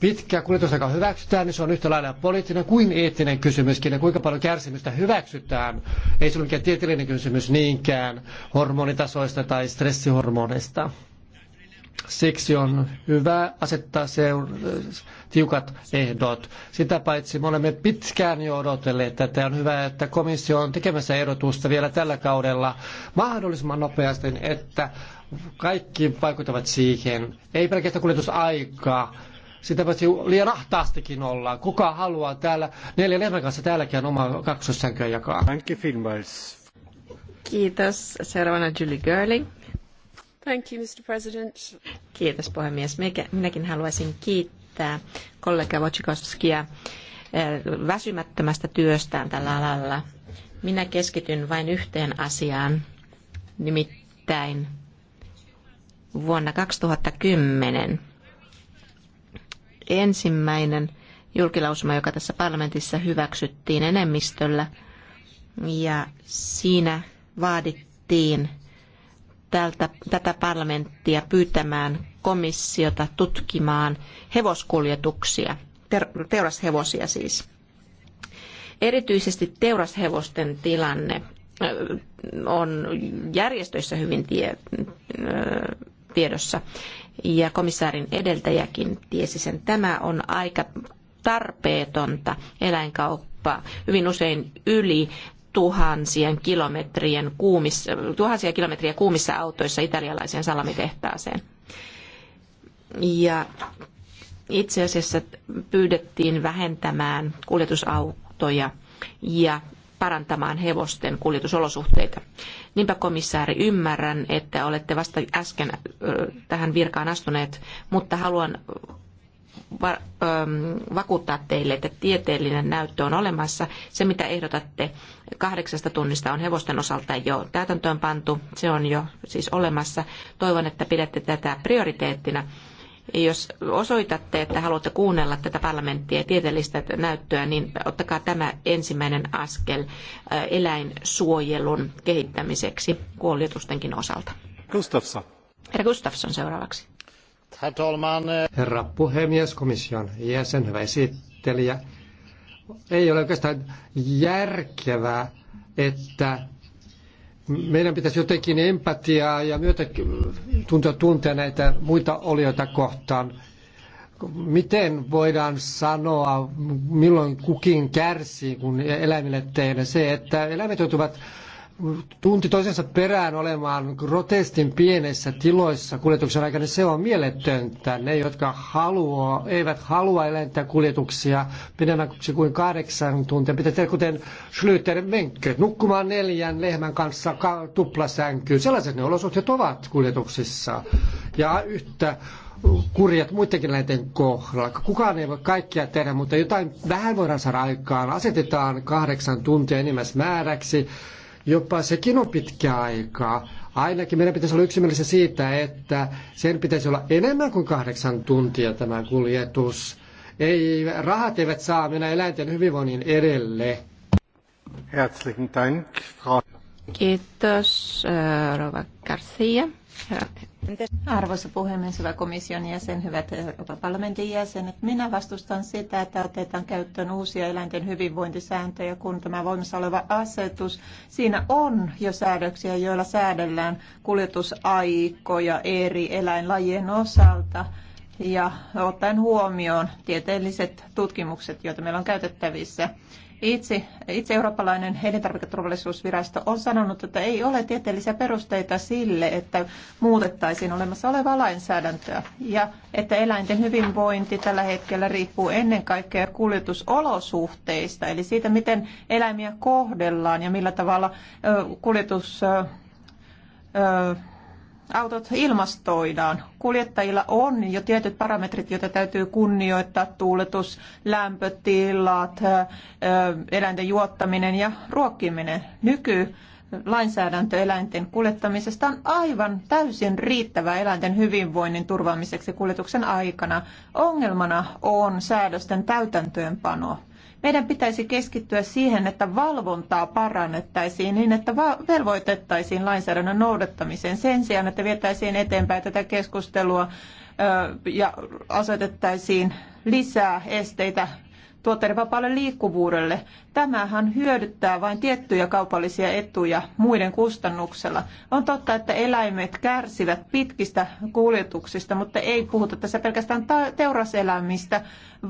pitkä kuljetusaika hyväksytään, niin se on yhtä lailla poliittinen kuin eettinen kysymyskin. Ja kuinka paljon kärsimystä hyväksytään, ei se ole mikään tieteellinen kysymys niinkään hormonitasoista tai stressihormoneista. Siksi on hyvä asettaa seur- tiukat ehdot. Sitä paitsi me olemme pitkään jo odotelleet tätä. On hyvä, että komissio on tekemässä ehdotusta vielä tällä kaudella mahdollisimman nopeasti, että kaikki vaikuttavat siihen. Ei pelkästään kuljetusaikaa, sitä voisi liian ahtaastikin olla. Kuka haluaa täällä, neljä lehmän kanssa täälläkin oma kaksosänköä jakaa. Kiitos. Seuraavana Julie Görling. Thank you, Mr. President. Kiitos puhemies. Minäkin haluaisin kiittää kollega Wojcikowskia eh, väsymättömästä työstään tällä alalla. Minä keskityn vain yhteen asiaan, nimittäin vuonna 2010 ensimmäinen julkilausuma, joka tässä parlamentissa hyväksyttiin enemmistöllä, ja siinä vaadittiin tältä, tätä parlamenttia pyytämään komissiota tutkimaan hevoskuljetuksia, ter, teurashevosia siis. Erityisesti teurashevosten tilanne äh, on järjestöissä hyvin tie, äh, tiedossa ja komissaarin edeltäjäkin tiesi sen. Tämä on aika tarpeetonta eläinkauppaa hyvin usein yli tuhansien kilometrien kuumissa, tuhansia kilometriä kuumissa autoissa italialaiseen salamitehtaaseen. Ja itse asiassa pyydettiin vähentämään kuljetusautoja ja parantamaan hevosten kuljetusolosuhteita. Niinpä komissaari, ymmärrän, että olette vasta äsken tähän virkaan astuneet, mutta haluan Ähm, vakuuttaa teille, että tieteellinen näyttö on olemassa. Se, mitä ehdotatte kahdeksasta tunnista, on hevosten osalta jo täytäntöön pantu. Se on jo siis olemassa. Toivon, että pidätte tätä prioriteettina. Jos osoitatte, että haluatte kuunnella tätä parlamenttia ja tieteellistä näyttöä, niin ottakaa tämä ensimmäinen askel äh, eläinsuojelun kehittämiseksi kuoljetustenkin osalta. Gustafsson. Herra Gustafsson seuraavaksi Herr talman. Eh, Herra puhemies, komission jäsen, hyvä esittelijä. Ei ole oikeastaan järkevää, että meidän pitäisi jotenkin empatiaa ja myötä tuntea, tuntea näitä muita olioita kohtaan. Miten voidaan sanoa, milloin kukin kärsii, kun eläimille tehdään se, että eläimet joutuvat tunti toisensa perään olemaan protestin pienessä tiloissa kuljetuksen aikana, niin se on mielettöntä. Ne, jotka haluaa, eivät halua eläintää kuljetuksia pidemmäksi kuin kahdeksan tuntia, pitää tehdä kuten Schlüter menkkö, nukkumaan neljän lehmän kanssa tuplasänkyyn. Sellaiset ne olosuhteet ovat kuljetuksissa. Ja yhtä kurjat muidenkin näiden kohdalla. Kukaan ei voi kaikkia tehdä, mutta jotain vähän voidaan saada aikaan. Asetetaan kahdeksan tuntia enimmäismääräksi. määräksi Jopa sekin on pitkä aika. Ainakin meidän pitäisi olla yksimielisiä siitä, että sen pitäisi olla enemmän kuin kahdeksan tuntia tämä kuljetus. Ei, rahat eivät saa mennä eläinten hyvinvoinnin edelle. Herzlichen Dank, Frau. Kiitos, äh, Rova Garcia. Arvoisa puhemies, hyvä komission jäsen, hyvät Euroopan parlamentin jäsenet, minä vastustan sitä, että otetaan käyttöön uusia eläinten hyvinvointisääntöjä, kun tämä voimassa oleva asetus, siinä on jo säädöksiä, joilla säädellään kuljetusaikoja eri eläinlajien osalta ja ottaen huomioon tieteelliset tutkimukset, joita meillä on käytettävissä. Itse, itse eurooppalainen elintarviketurvallisuusvirasto on sanonut, että ei ole tieteellisiä perusteita sille, että muutettaisiin olemassa olevaa lainsäädäntöä ja että eläinten hyvinvointi tällä hetkellä riippuu ennen kaikkea kuljetusolosuhteista, eli siitä, miten eläimiä kohdellaan ja millä tavalla kuljetus autot ilmastoidaan. Kuljettajilla on jo tietyt parametrit, joita täytyy kunnioittaa, tuuletus, lämpötilat, eläinten juottaminen ja ruokkiminen. Nyky lainsäädäntö eläinten kuljettamisesta on aivan täysin riittävä eläinten hyvinvoinnin turvaamiseksi kuljetuksen aikana. Ongelmana on säädösten täytäntöönpano. Meidän pitäisi keskittyä siihen, että valvontaa parannettaisiin niin, että velvoitettaisiin lainsäädännön noudattamiseen sen sijaan, että vietäisiin eteenpäin tätä keskustelua ja asetettaisiin lisää esteitä tuotteiden vapaalle liikkuvuudelle. Tämähän hyödyttää vain tiettyjä kaupallisia etuja muiden kustannuksella. On totta, että eläimet kärsivät pitkistä kuljetuksista, mutta ei puhuta tässä pelkästään teuraseläimistä,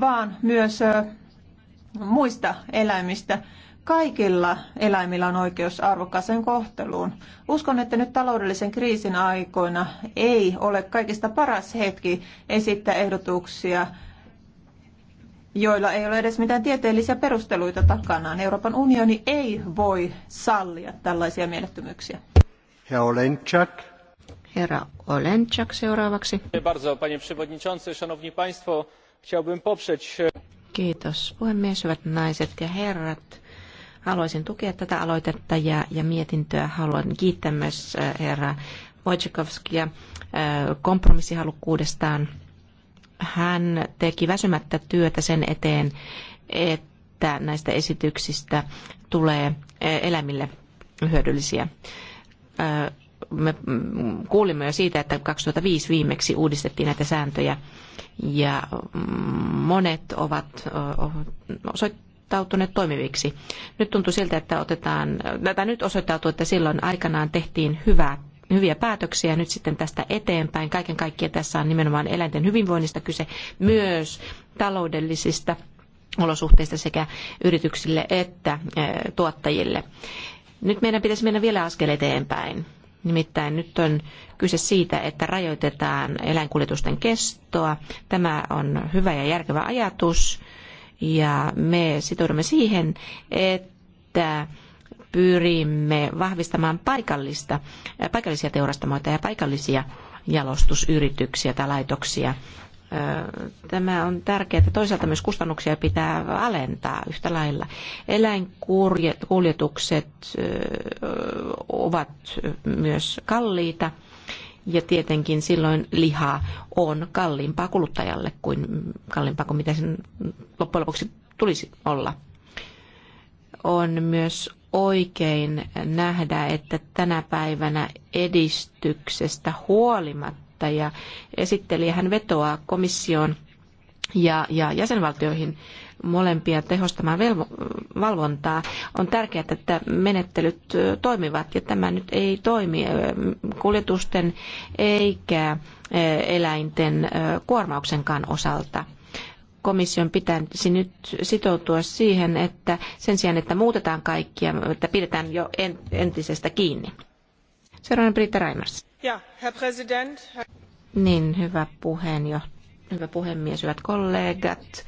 vaan myös muista eläimistä. Kaikilla eläimillä on oikeus arvokkaaseen kohteluun. Uskon, että nyt taloudellisen kriisin aikoina ei ole kaikista paras hetki esittää ehdotuksia, joilla ei ole edes mitään tieteellisiä perusteluita takanaan. Euroopan unioni ei voi sallia tällaisia mielettömyyksiä. Herra Olenczak. Herra Olenczak seuraavaksi. Bardzo, panie przewodniczący, szanowni państwo, chciałbym poprzeć e, Kiitos puhemies, hyvät naiset ja herrat. Haluaisin tukea tätä aloitetta ja, ja mietintöä. Haluan kiittää myös äh, herra Wojciechowskia äh, kompromissihalukkuudestaan. Hän teki väsymättä työtä sen eteen, että näistä esityksistä tulee äh, elämille hyödyllisiä me mm, kuulimme jo siitä, että 2005 viimeksi uudistettiin näitä sääntöjä ja monet ovat osoittautuneet toimiviksi. Nyt tuntuu siltä, että otetaan, tätä nyt osoittautuu, että silloin aikanaan tehtiin hyvää hyviä päätöksiä nyt sitten tästä eteenpäin. Kaiken kaikkiaan tässä on nimenomaan eläinten hyvinvoinnista kyse myös taloudellisista olosuhteista sekä yrityksille että tuottajille. Nyt meidän pitäisi mennä vielä askel eteenpäin Nimittäin nyt on kyse siitä, että rajoitetaan eläinkuljetusten kestoa. Tämä on hyvä ja järkevä ajatus ja me sitoudumme siihen, että pyrimme vahvistamaan paikallista, paikallisia teurastamoita ja paikallisia jalostusyrityksiä tai laitoksia Tämä on tärkeää, että toisaalta myös kustannuksia pitää alentaa yhtä lailla. Eläinkuljetukset ovat myös kalliita ja tietenkin silloin liha on kalliimpaa kuluttajalle kuin kalliimpaa kuin mitä sen loppujen lopuksi tulisi olla. On myös oikein nähdä, että tänä päivänä edistyksestä huolimatta että ja ja hän vetoaa komissioon ja, ja jäsenvaltioihin molempia tehostamaan valvontaa. On tärkeää, että menettelyt toimivat ja tämä nyt ei toimi kuljetusten eikä eläinten kuormauksenkaan osalta komission pitäisi nyt sitoutua siihen, että sen sijaan, että muutetaan kaikkia, että pidetään jo entisestä kiinni. Seuraavana Britta Reimers. Ja, herr president, herr... Niin, hyvä, puheenjohtaja, hyvä puhemies, hyvät kollegat.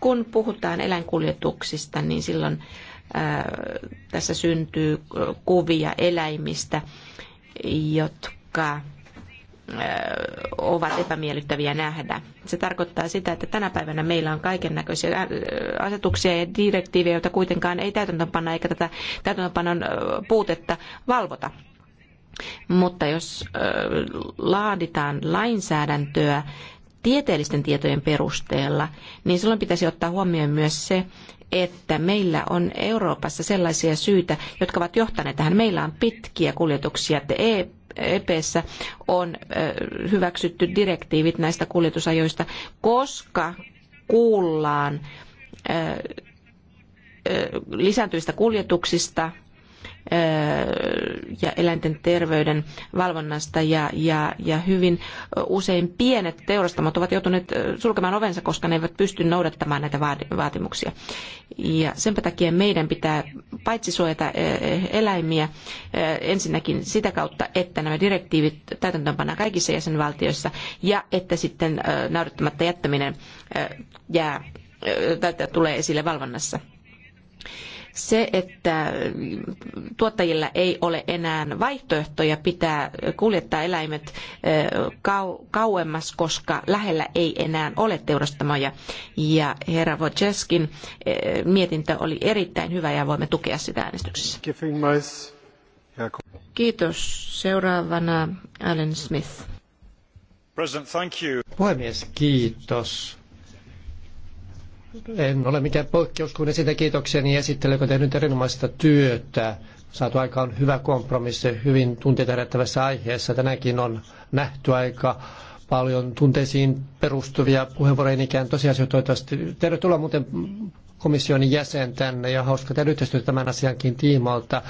Kun puhutaan eläinkuljetuksista, niin silloin ää, tässä syntyy kuvia eläimistä, jotka ovat epämiellyttäviä nähdä. Se tarkoittaa sitä, että tänä päivänä meillä on kaiken näköisiä asetuksia ja direktiivejä, joita kuitenkaan ei täytäntöönpanna eikä tätä täytäntöönpanon puutetta valvota. Mutta jos laaditaan lainsäädäntöä tieteellisten tietojen perusteella, niin silloin pitäisi ottaa huomioon myös se, että meillä on Euroopassa sellaisia syitä, jotka ovat johtaneet tähän. Meillä on pitkiä kuljetuksia. EPssä e- e on hyväksytty direktiivit näistä kuljetusajoista, koska kuullaan lisääntyvistä kuljetuksista ja eläinten terveyden valvonnasta ja, ja, ja hyvin usein pienet teurastamot ovat joutuneet sulkemaan ovensa, koska ne eivät pysty noudattamaan näitä vaatimuksia. Ja senpä takia meidän pitää paitsi suojata eläimiä ensinnäkin sitä kautta, että nämä direktiivit täytäntöönpannaan kaikissa jäsenvaltioissa ja että sitten noudattamatta jättäminen jää, tulee esille valvonnassa. Se, että tuottajilla ei ole enää vaihtoehtoja pitää kuljettaa eläimet kauemmas, koska lähellä ei enää ole teurastamoja. Ja herra Wojceskin mietintö oli erittäin hyvä ja voimme tukea sitä äänestyksessä. Kiitos. Seuraavana Alan Smith. President, thank you. Puhemies, kiitos en ole mikään poikkeus, kun esitän kiitokseni esittelijä, joka tehnyt erinomaista työtä. Saatu aikaan hyvä kompromissi hyvin tunteita herättävässä aiheessa. Tänäänkin on nähty aika paljon tunteisiin perustuvia puheenvuoroja ikään tosiasioita. Toivottavasti tervetuloa muuten komission jäsen tänne ja hauska tehdä yhteistyötä tämän asiankin tiimoilta.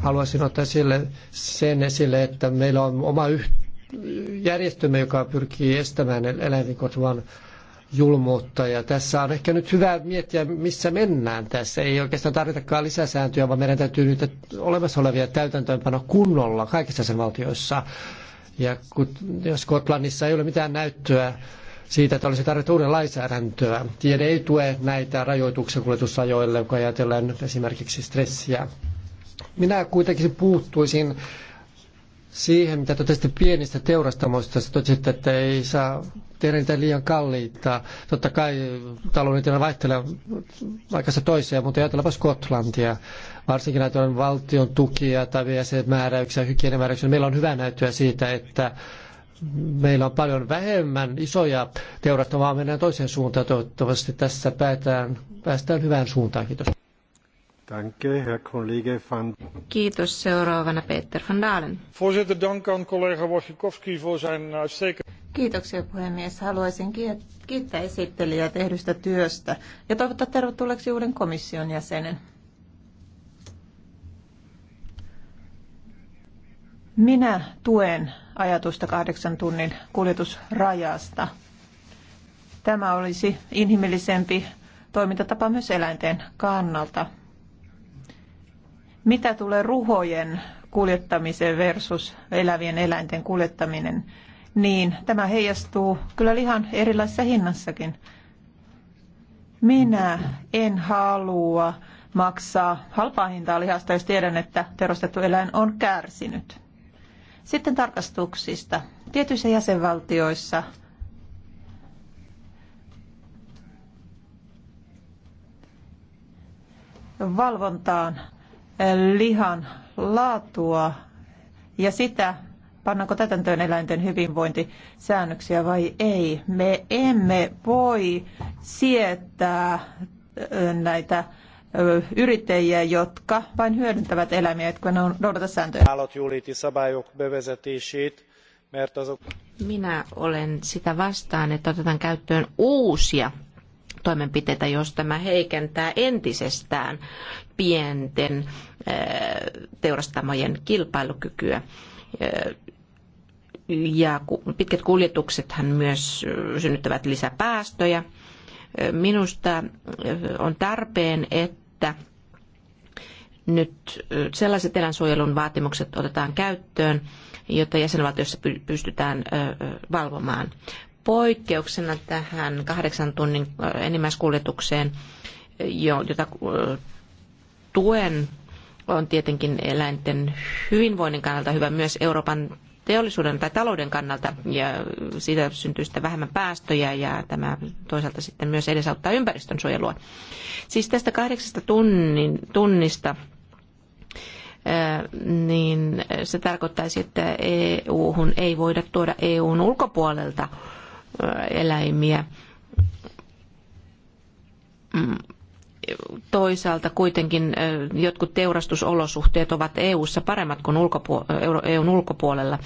Haluaisin ottaa sille sen esille, että meillä on oma yh- järjestömme, joka pyrkii estämään eläinten kohtuvan julmuutta. Ja tässä on ehkä nyt hyvä miettiä, missä mennään tässä. Ei oikeastaan tarvitakaan lisäsääntöjä, vaan meidän täytyy nyt olemassa olevia täytäntöönpano kunnolla kaikissa sen valtioissa. Ja kun, jos Skotlannissa ei ole mitään näyttöä siitä, että olisi tarvittu uuden lainsäädäntöä. Tiede ei tue näitä rajoituksia kuljetusajoille, kun ajatellaan esimerkiksi stressiä. Minä kuitenkin puuttuisin siihen, mitä totesitte pienistä teurastamoista, totesitte, että ei saa tehdä niitä liian kalliita. Totta kai tilanne vaihtelee vaikka se toiseen, mutta ajatellaanpa Skotlantia. Varsinkin näitä on valtion tukia tai määräyksiä, hygieniamääräyksiä. Niin meillä on hyvää näyttöä siitä, että meillä on paljon vähemmän isoja teurastamoja. Mennään toiseen suuntaan. Toivottavasti tässä päätään, päästään hyvään suuntaan. Kiitos. Danke, Herr Kollege van... Kiitos. Seuraavana Peter van Dalen. Voorzitter, dank aan collega Wojciechowski voor zijn uitstekende... Kiitoksia puhemies. Haluaisin kiittää esittelijää tehdystä työstä ja toivottaa tervetulleeksi uuden komission jäsenen. Minä tuen ajatusta kahdeksan tunnin kuljetusrajasta. Tämä olisi inhimillisempi toimintatapa myös eläinten kannalta. Mitä tulee ruhojen kuljettamiseen versus elävien eläinten kuljettaminen, niin tämä heijastuu kyllä lihan erilaisessa hinnassakin. Minä en halua maksaa halpaa hintaa lihasta, jos tiedän, että terostettu eläin on kärsinyt. Sitten tarkastuksista. Tietyissä jäsenvaltioissa valvontaan lihan laatua ja sitä, pannaanko tätäntöön eläinten hyvinvointisäännöksiä vai ei. Me emme voi sietää näitä yrittäjiä, jotka vain hyödyntävät eläimiä, jotka ne noudata sääntöjä. Minä olen sitä vastaan, että otetaan käyttöön uusia toimenpiteitä, jos tämä heikentää entisestään pienten eh, teurastamojen kilpailukykyä. Eh, ja pitkät kuljetuksethan myös eh, synnyttävät lisäpäästöjä. Minusta on tarpeen, että nyt sellaiset eläinsuojelun vaatimukset otetaan käyttöön, jotta jäsenvaltiossa pystytään valvomaan poikkeuksena tähän kahdeksan tunnin äh, enimmäiskuljetukseen, jota äh, tuen on tietenkin eläinten hyvinvoinnin kannalta hyvä myös Euroopan teollisuuden tai talouden kannalta ja siitä syntyy sitten vähemmän päästöjä ja tämä toisaalta sitten myös edesauttaa ympäristön suojelua. Siis tästä kahdeksasta tunnin, tunnista äh, niin se tarkoittaisi, että EU-hun ei voida tuoda EUn ulkopuolelta eläimiä. Mm. Toisaalta kuitenkin jotkut teurastusolosuhteet ovat EU-ssa paremmat kuin ulkopuol- EUn e ulkopuolella.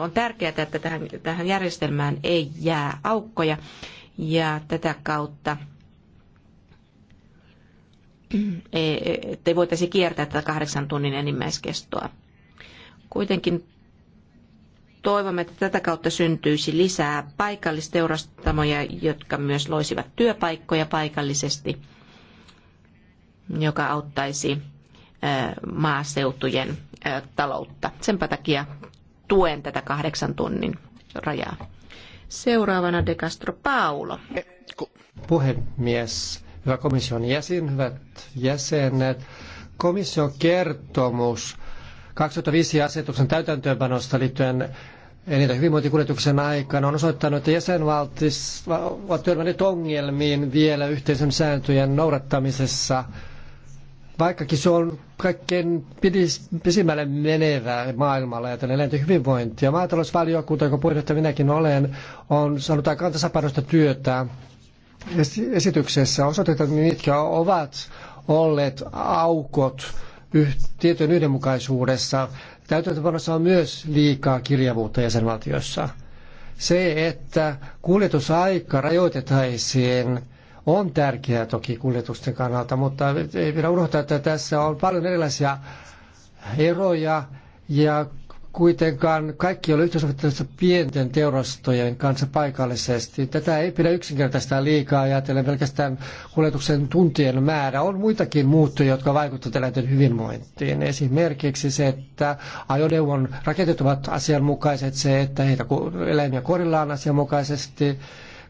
On tärkeää, että tähän, tähän järjestelmään ei jää aukkoja ja tätä kautta ei voitaisiin kiertää tätä kahdeksan tunnin enimmäiskestoa. Kuitenkin Toivomme, että tätä kautta syntyisi lisää paikallisteurastamoja, jotka myös loisivat työpaikkoja paikallisesti, joka auttaisi maaseutujen taloutta. Senpä takia tuen tätä kahdeksan tunnin rajaa. Seuraavana De Castro Paulo. Puhemies, hyvä komission jäsen, hyvät jäsenet. Komission kertomus 2005 asetuksen täytäntöönpanosta liittyen niitä hyvinvointikuljetuksen aikana on osoittanut, että jäsenvaltiot ovat törmänneet ongelmiin vielä yhteisön sääntöjen noudattamisessa, vaikkakin se on kaikkein pisimmälle menevää maailmalla ja eläinten ja Maatalousvaliokunta, jonka puheenjohtaja minäkin olen, on saanut aikaan tasapainoista työtä esityksessä. Osoitetaan, mitkä ovat olleet aukot tietyn yhdenmukaisuudessa Täytäntöpanossa on myös liikaa kirjavuutta jäsenvaltioissa. Se, että kuljetusaika rajoitetaisiin, on tärkeää toki kuljetusten kannalta, mutta ei pidä unohtaa, että tässä on paljon erilaisia eroja ja kuitenkaan kaikki ole yhteensovittelussa pienten teurastojen kanssa paikallisesti. Tätä ei pidä yksinkertaistaa liikaa ajatellen pelkästään kuljetuksen tuntien määrä. On muitakin muuttuja, jotka vaikuttavat eläinten hyvinvointiin. Esimerkiksi se, että ajoneuvon rakenteet ovat asianmukaiset, se, että heitä eläimiä korillaan asianmukaisesti –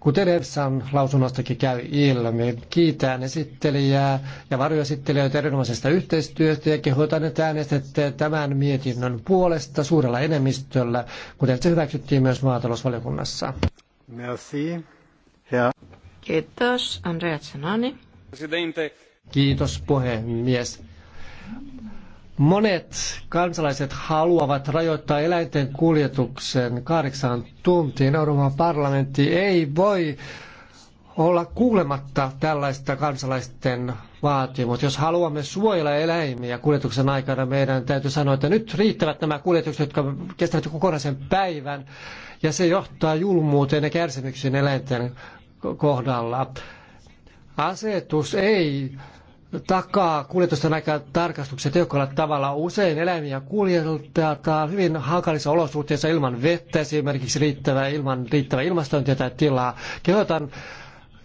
Kuten Evsan lausunnostakin käy ilmi, kiitän esittelijää ja varjoesittelijöitä erinomaisesta yhteistyöstä ja kehotan, että äänestätte tämän mietinnön puolesta suurella enemmistöllä, kuten se hyväksyttiin myös maatalousvaliokunnassa. Merci. Ja. Kiitos, Andrea Presidente, Kiitos, puhemies. Monet kansalaiset haluavat rajoittaa eläinten kuljetuksen kahdeksaan tuntiin. Euroopan parlamentti ei voi olla kuulematta tällaista kansalaisten vaatimusta. Jos haluamme suojella eläimiä kuljetuksen aikana, meidän täytyy sanoa, että nyt riittävät nämä kuljetukset, jotka kestävät kokonaisen päivän, ja se johtaa julmuuteen ja kärsimyksiin eläinten kohdalla. Asetus ei takaa kuljetusten aika tarkastuksia tehokkaalla tavalla. Usein eläimiä kuljetetaan hyvin hankalissa olosuhteissa ilman vettä, esimerkiksi riittävää, ilman riittävää ilmastointia tai tilaa. Kehotan,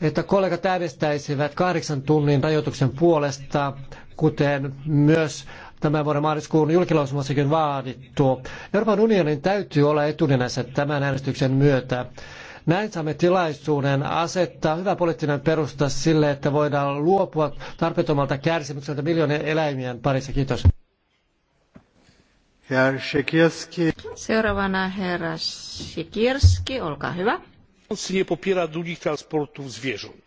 että kollegat äänestäisivät kahdeksan tunnin rajoituksen puolesta, kuten myös tämän vuoden maaliskuun julkilausumassakin vaadittu. Euroopan unionin täytyy olla etunenässä tämän äänestyksen myötä. Näin saamme tilaisuuden asettaa hyvä poliittinen perusta sille, että voidaan luopua tarpeettomalta kärsimykseltä miljoonien eläimien parissa. Kiitos. Herr Sikierski. Seuraavana herra Sikierski, olkaa hyvä. Nie popiera długich transportów zwierząt.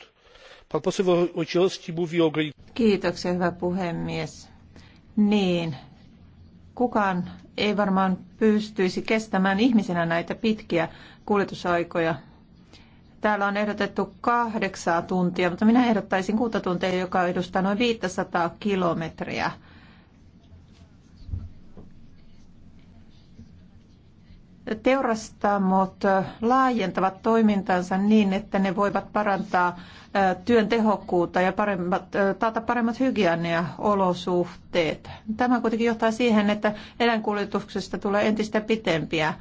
Pan poseł Wojciechowski Kiitoksia, hyvä puhemies. Niin, kukaan ei varmaan pystyisi kestämään ihmisenä näitä pitkiä kuljetusaikoja. Täällä on ehdotettu kahdeksaa tuntia, mutta minä ehdottaisin kuutta tuntia, joka edustaa noin 500 kilometriä. teurastamot laajentavat toimintansa niin, että ne voivat parantaa työn tehokkuutta ja paremmat, taata paremmat hygieniaolosuhteet. Tämä kuitenkin johtaa siihen, että eläinkuljetuksesta tulee entistä pitempiä.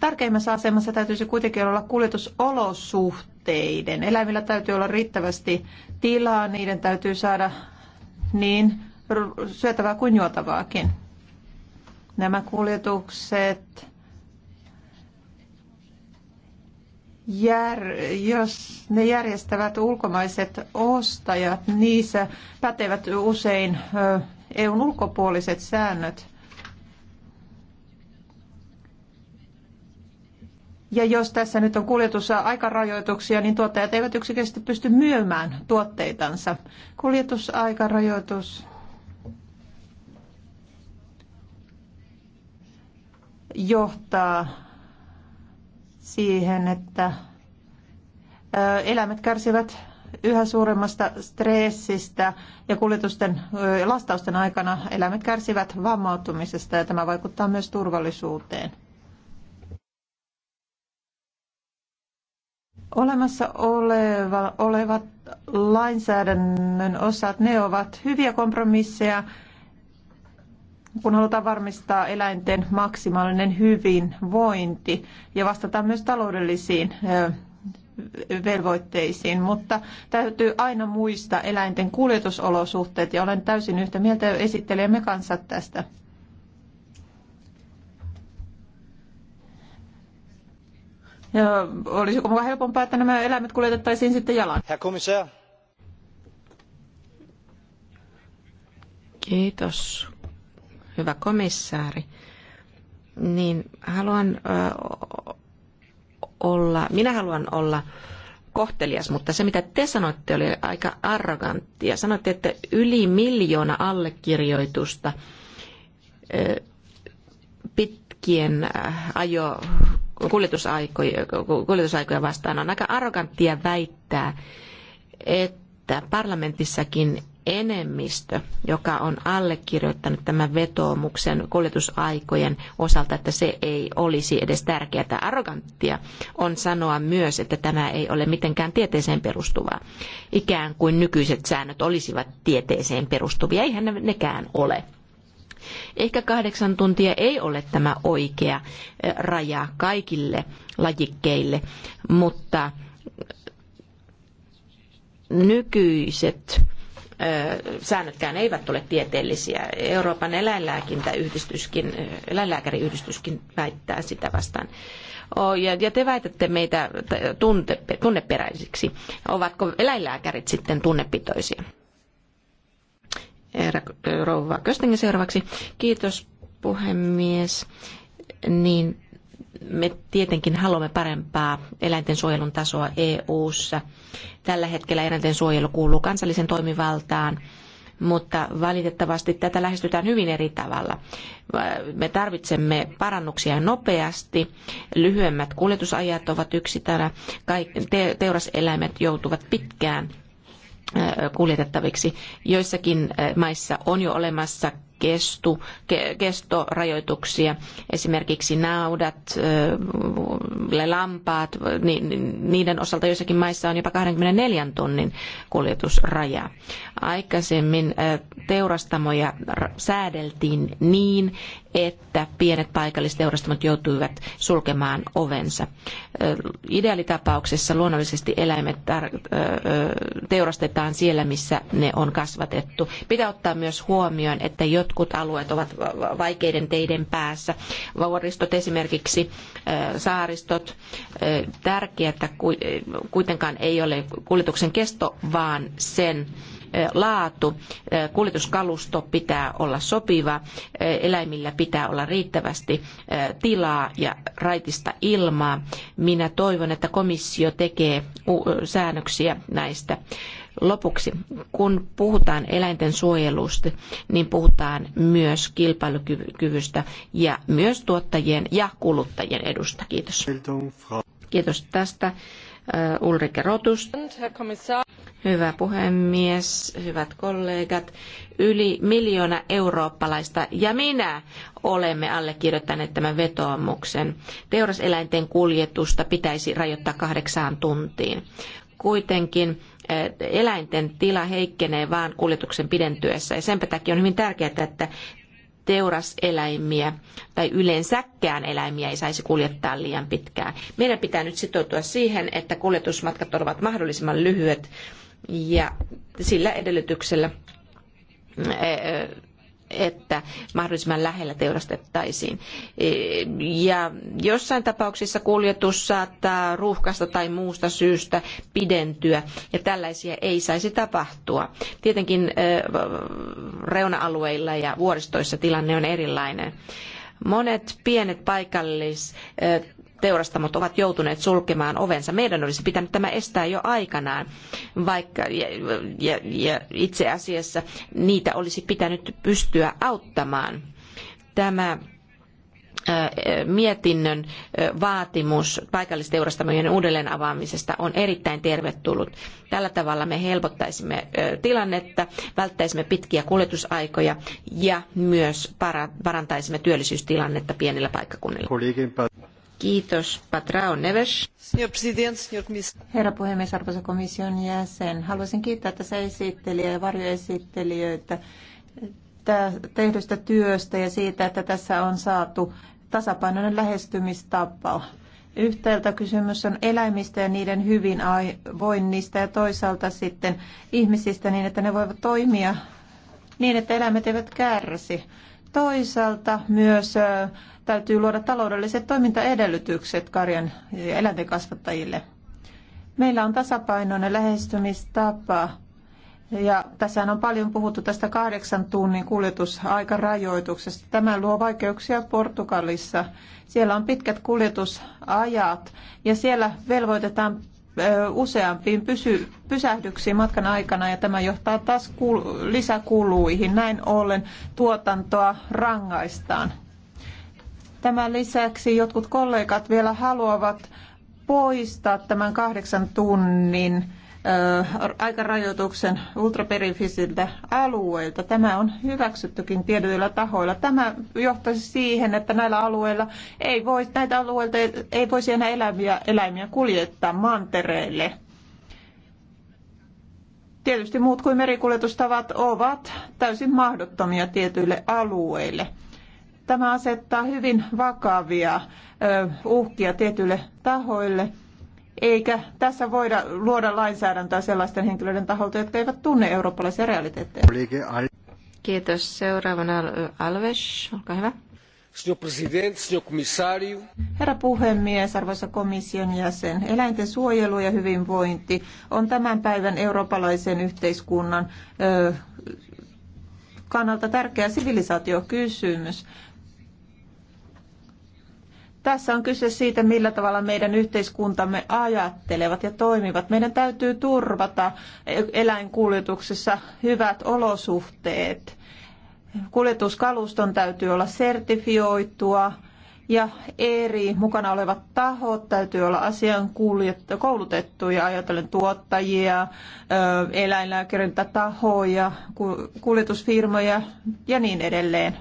Tärkeimmässä asemassa täytyisi kuitenkin olla kuljetusolosuhteiden. Eläimillä täytyy olla riittävästi tilaa, niiden täytyy saada niin syötävää kuin juotavaakin. Nämä kuljetukset jär, jos ne järjestävät ulkomaiset ostajat, niissä pätevät usein EUn ulkopuoliset säännöt. Ja jos tässä nyt on kuljetussa aikarajoituksia, niin tuottajat eivät yksinkertaisesti pysty myymään tuotteitansa. Kuljetusaikarajoitus. johtaa siihen, että eläimet kärsivät yhä suuremmasta stressistä ja kuljetusten lastausten aikana eläimet kärsivät vammautumisesta ja tämä vaikuttaa myös turvallisuuteen. Olemassa oleva, olevat lainsäädännön osat, ne ovat hyviä kompromisseja kun halutaan varmistaa eläinten maksimaalinen hyvinvointi ja vastata myös taloudellisiin velvoitteisiin, mutta täytyy aina muistaa eläinten kuljetusolosuhteet ja olen täysin yhtä mieltä esittelemme kanssa tästä. Ja olisiko mukaan helpompaa, että nämä eläimet kuljetettaisiin sitten jalan? Herr Kommissar. Kiitos hyvä komissaari, niin haluan olla, minä haluan olla kohtelias, mutta se mitä te sanoitte oli aika arroganttia. Sanoitte, että yli miljoona allekirjoitusta pitkien äh, ajo kuljetusaikoja, kuljetusaikoja vastaan on aika arroganttia väittää, että parlamentissakin enemmistö, joka on allekirjoittanut tämän vetoomuksen kuljetusaikojen osalta, että se ei olisi edes tärkeää tai arroganttia, on sanoa myös, että tämä ei ole mitenkään tieteeseen perustuvaa. Ikään kuin nykyiset säännöt olisivat tieteeseen perustuvia, eihän ne nekään ole. Ehkä kahdeksan tuntia ei ole tämä oikea eh, raja kaikille lajikkeille, mutta nykyiset säännötkään eivät ole tieteellisiä. Euroopan eläinlääkintäyhdistyskin, eläinlääkäriyhdistyskin väittää sitä vastaan. Ja te väitätte meitä tunte, tunneperäisiksi. Ovatko eläinlääkärit sitten tunnepitoisia? Rouva Köstingin seuraavaksi. Kiitos puhemies. Niin me tietenkin haluamme parempaa eläinten tasoa tasoa e EU:ssa. Tällä hetkellä eläinten kuuluu kansalliseen toimivaltaan, mutta valitettavasti tätä lähestytään hyvin eri tavalla. Me tarvitsemme parannuksia nopeasti. Lyhyemmät kuljetusajat ovat yksi tänä. Teuraseläimet joutuvat pitkään äh, kuljetettaviksi. Joissakin äh, maissa on jo olemassa kestu, ke, kestorajoituksia. Esimerkiksi naudat, lampaat, niiden osalta joissakin maissa on jopa 24 tonnin kuljetusraja. Aikaisemmin teurastamoja säädeltiin niin, että pienet paikallisteurastamot joutuivat sulkemaan ovensa. Ideaalitapauksessa luonnollisesti eläimet teurastetaan siellä, missä ne on kasvatettu. Pitää ottaa myös huomioon, että jotkut alueet ovat vaikeiden teiden päässä. Vuoristot esimerkiksi, saaristot. Tärkeää kuitenkaan ei ole kuljetuksen kesto, vaan sen laatu, kuljetuskalusto pitää olla sopiva, eläimillä pitää olla riittävästi tilaa ja raitista ilmaa. Minä toivon, että komissio tekee säännöksiä näistä lopuksi, kun puhutaan eläinten suojelusta, niin puhutaan myös kilpailukyvystä ja myös tuottajien ja kuluttajien edusta. Kiitos. Kiitos tästä. Ulrike Rotus. Hyvä puhemies, hyvät kollegat. Yli miljoona eurooppalaista ja minä olemme allekirjoittaneet tämän vetoomuksen. Teuraseläinten kuljetusta pitäisi rajoittaa kahdeksaan tuntiin. Kuitenkin eläinten tila heikkenee vaan kuljetuksen pidentyessä ja sen takia on hyvin tärkeää, että teuraseläimiä tai yleensäkään eläimiä ei saisi kuljettaa liian pitkään. Meidän pitää nyt sitoutua siihen, että kuljetusmatkat ovat mahdollisimman lyhyet ja sillä edellytyksellä mm, eh, eh, että mahdollisimman lähellä teurastettaisiin. Ja jossain tapauksissa kuljetus saattaa ruuhkasta tai muusta syystä pidentyä, ja tällaisia ei saisi tapahtua. Tietenkin reuna-alueilla ja vuoristoissa tilanne on erilainen. Monet pienet paikallis teurastamot ovat joutuneet sulkemaan ovensa. Meidän olisi pitänyt tämä estää jo aikanaan, vaikka ja, ja, ja itse asiassa niitä olisi pitänyt pystyä auttamaan. Tämä äh, mietinnön äh, vaatimus paikallisteurastamojen uudelleen avaamisesta on erittäin tervetullut. Tällä tavalla me helpottaisimme äh, tilannetta, välttäisimme pitkiä kuljetusaikoja ja myös parantaisimme työllisyystilannetta pienillä paikkakunnilla. Kiitos, Patrao Neves. Herra puhemies, arvoisa komission jäsen, haluaisin kiittää tässä esittelijä ja varjoesittelijöitä tehdystä työstä ja siitä, että tässä on saatu tasapainoinen lähestymistapa. Yhtäältä kysymys on eläimistä ja niiden hyvinvoinnista ja toisaalta sitten ihmisistä niin, että ne voivat toimia niin, että eläimet eivät kärsi. Toisaalta myös täytyy luoda taloudelliset toimintaedellytykset karjan ja eläinten kasvattajille. Meillä on tasapainoinen lähestymistapa ja tässä on paljon puhuttu tästä kahdeksan tunnin kuljetusaikarajoituksesta. Tämä luo vaikeuksia Portugalissa. Siellä on pitkät kuljetusajat ja siellä velvoitetaan useampiin pysy, pysähdyksiin matkan aikana ja tämä johtaa taas kul, lisäkuluihin. Näin ollen tuotantoa rangaistaan. Tämän lisäksi jotkut kollegat vielä haluavat poistaa tämän kahdeksan tunnin aikarajoituksen ultraperifisiltä alueilta. Tämä on hyväksyttykin tiedoilla tahoilla. Tämä johtaisi siihen, että näillä alueilla ei voi, näitä alueilta ei voisi enää eläviä eläimiä kuljettaa mantereille. Tietysti muut kuin merikuljetustavat ovat täysin mahdottomia tietyille alueille. Tämä asettaa hyvin vakavia uhkia tietyille tahoille eikä tässä voida luoda lainsäädäntöä sellaisten henkilöiden taholta, jotka eivät tunne eurooppalaisia realiteetteja. Kiitos. Seuraavana Alves, olkaa hyvä. Herra puhemies, arvoisa komission jäsen, eläinten suojelu ja hyvinvointi on tämän päivän eurooppalaisen yhteiskunnan kannalta tärkeä sivilisaatiokysymys. Tässä on kyse siitä, millä tavalla meidän yhteiskuntamme ajattelevat ja toimivat. Meidän täytyy turvata eläinkuljetuksessa hyvät olosuhteet. Kuljetuskaluston täytyy olla sertifioitua ja eri mukana olevat tahot täytyy olla asian koulutettuja, ajatellen tuottajia, eläinlääkärintä tahoja, kuljetusfirmoja ja niin edelleen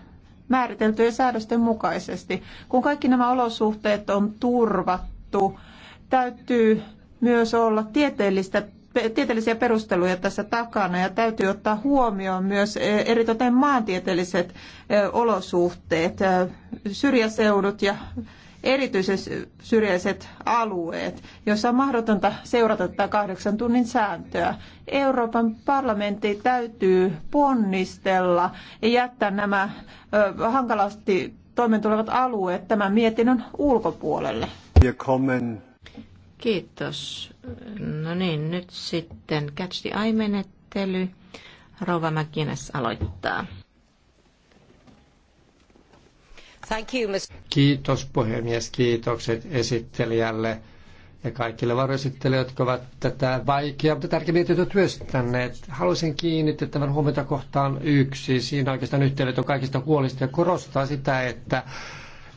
määriteltyjen säädösten mukaisesti. Kun kaikki nämä olosuhteet on turvattu, täytyy myös olla tieteellistä tieteellisiä perusteluja tässä takana ja täytyy ottaa huomioon myös e, eritoten maantieteelliset e, olosuhteet, e, syrjäseudut ja erityisen syrjäiset alueet, joissa on mahdotonta seurata tätä kahdeksan tunnin sääntöä. Euroopan parlamentti täytyy ponnistella ja jättää nämä ö, hankalasti toimeentulevat alueet tämän mietinnön ulkopuolelle. Kiitos. No niin, nyt sitten catch the eye-menettely. Rouva Mäkinäs aloittaa. Thank you, Mr. Kiitos puhemies, kiitokset esittelijälle ja kaikille varoesittelijöille, jotka ovat tätä vaikeaa, mutta tärkeää mietintöä työstänneet. Haluaisin kiinnittää tämän huomiota kohtaan yksi. Siinä oikeastaan yhteydet on kaikista huolista ja korostaa sitä, että